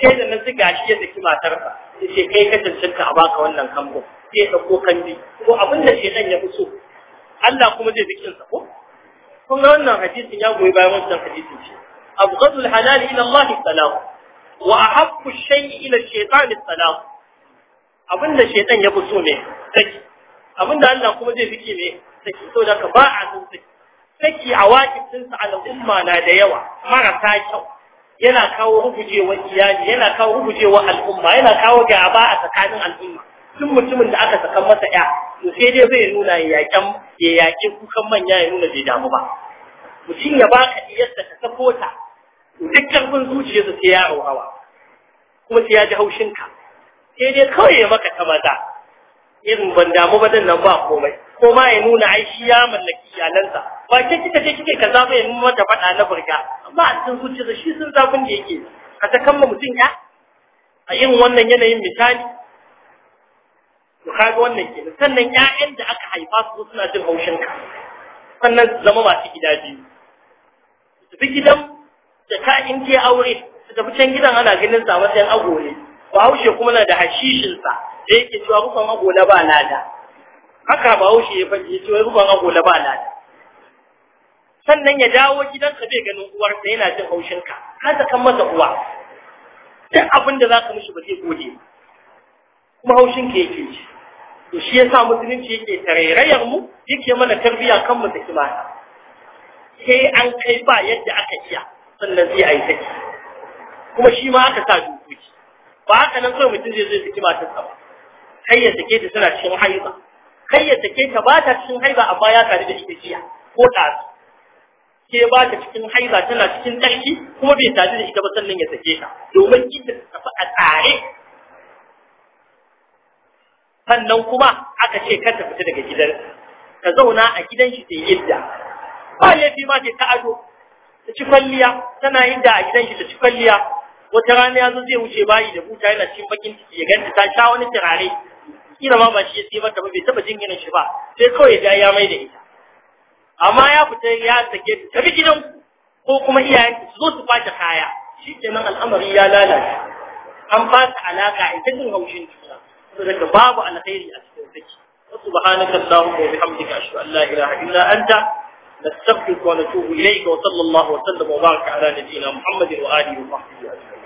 sai da na zuga shi ya saki matarsa ya ce kai ka tantance a baka wannan kambo sai ya dauko kandi ko abin da shedan ya fi so Allah kuma zai bikin sa ko kun ga wannan hadisin ya goyi bayan wannan hadisin ce abghadul halal ila Allah salam wa ahabbu shay'i ila shaytan salam abinda shaytan ya fito ne saki abinda Allah kuma zai fike ne saki so da ka ba a saki saki a wakilcin sa al'umma na da yawa marasa kyau yana kawo rugujewa iyali yana kawo rugujewa al'umma yana kawo gaba a tsakanin al'umma Tun mutumin da aka saka masa ya to sai dai zai nuna ya kukan manya ya nuna bai damu ba mutum ya baka iyasta ka sako ta duk karfin zuciyarsa sai ya hawa kuma sai ya ji haushinka sai dai kawai ya maka ta maza irin ban damu ba nan ba komai ko ma ya nuna ai shi ya mallaki iyalansa ba ke kika je kike kaza ba ya nuna mata faɗa na burga amma a cikin zuciyarsa shi sun zafin da yake a ta kama mutum ya a yin wannan yanayin misali to kaga wannan kenan sannan ƴaƴan da aka haifa su suna jin haushinka sannan su zama masu gida biyu su bi gidan ka in ke aure su tafi can gidan ana ganin sa matsayin agole bahaushe kuma na da sa da yake cewa rufan agola ba lada haka bahaushe ya fadi ya cewa rufan agola ba lada sannan ya dawo gidan ka bai ganin uwarsa yana jin haushin ka kan masa uwa duk abin da za ka mishi ba zai gode kuma haushin ka yake ji to shi yasa musulunci yake tarairayar mu yake mana tarbiya kan mu da kimanta sai an kai ba yadda aka iya sannan sai a yi saki kuma shi ma aka sa dokoki ba haka nan kawai mutum zai zai saki matar sa ba kai ya sake ta tana cikin haiba kai ya sake ta ba ta cikin haiba amma ya tare da ita jiya ko ɗazu ke ba ta cikin haiba tana cikin ɗarki kuma bai tare da ita ba sannan ya sake ta domin ita ta tafi a tsare sannan kuma aka ce kar ta fita daga gidan ka zauna a gidan shi da yadda ba laifi ma ke ta ado ta ci kwalliya tana yin da a gidan shi ta ci kwalliya wata rana ya zo zai wuce bayi da buta yana cikin bakin ciki ya ganta ta sha wani turare kila ma ba shi ya sai mata ba bai taba jin irin shi ba sai kawai ya ya mai da ita amma ya fita ya sake ta tafi gidan ko kuma iyayen su zo su kwace kaya shi kenan al'amari ya lalace an fasa alaka ita jin haushin juna saboda babu alkhairi a cikin saki subhanaka allahumma wa bihamdika ashhadu an la ilaha illa anta نستغفرك ونتوب إليك وصلى الله وسلم وبارك على نبينا محمد وآله وصحبه أجمعين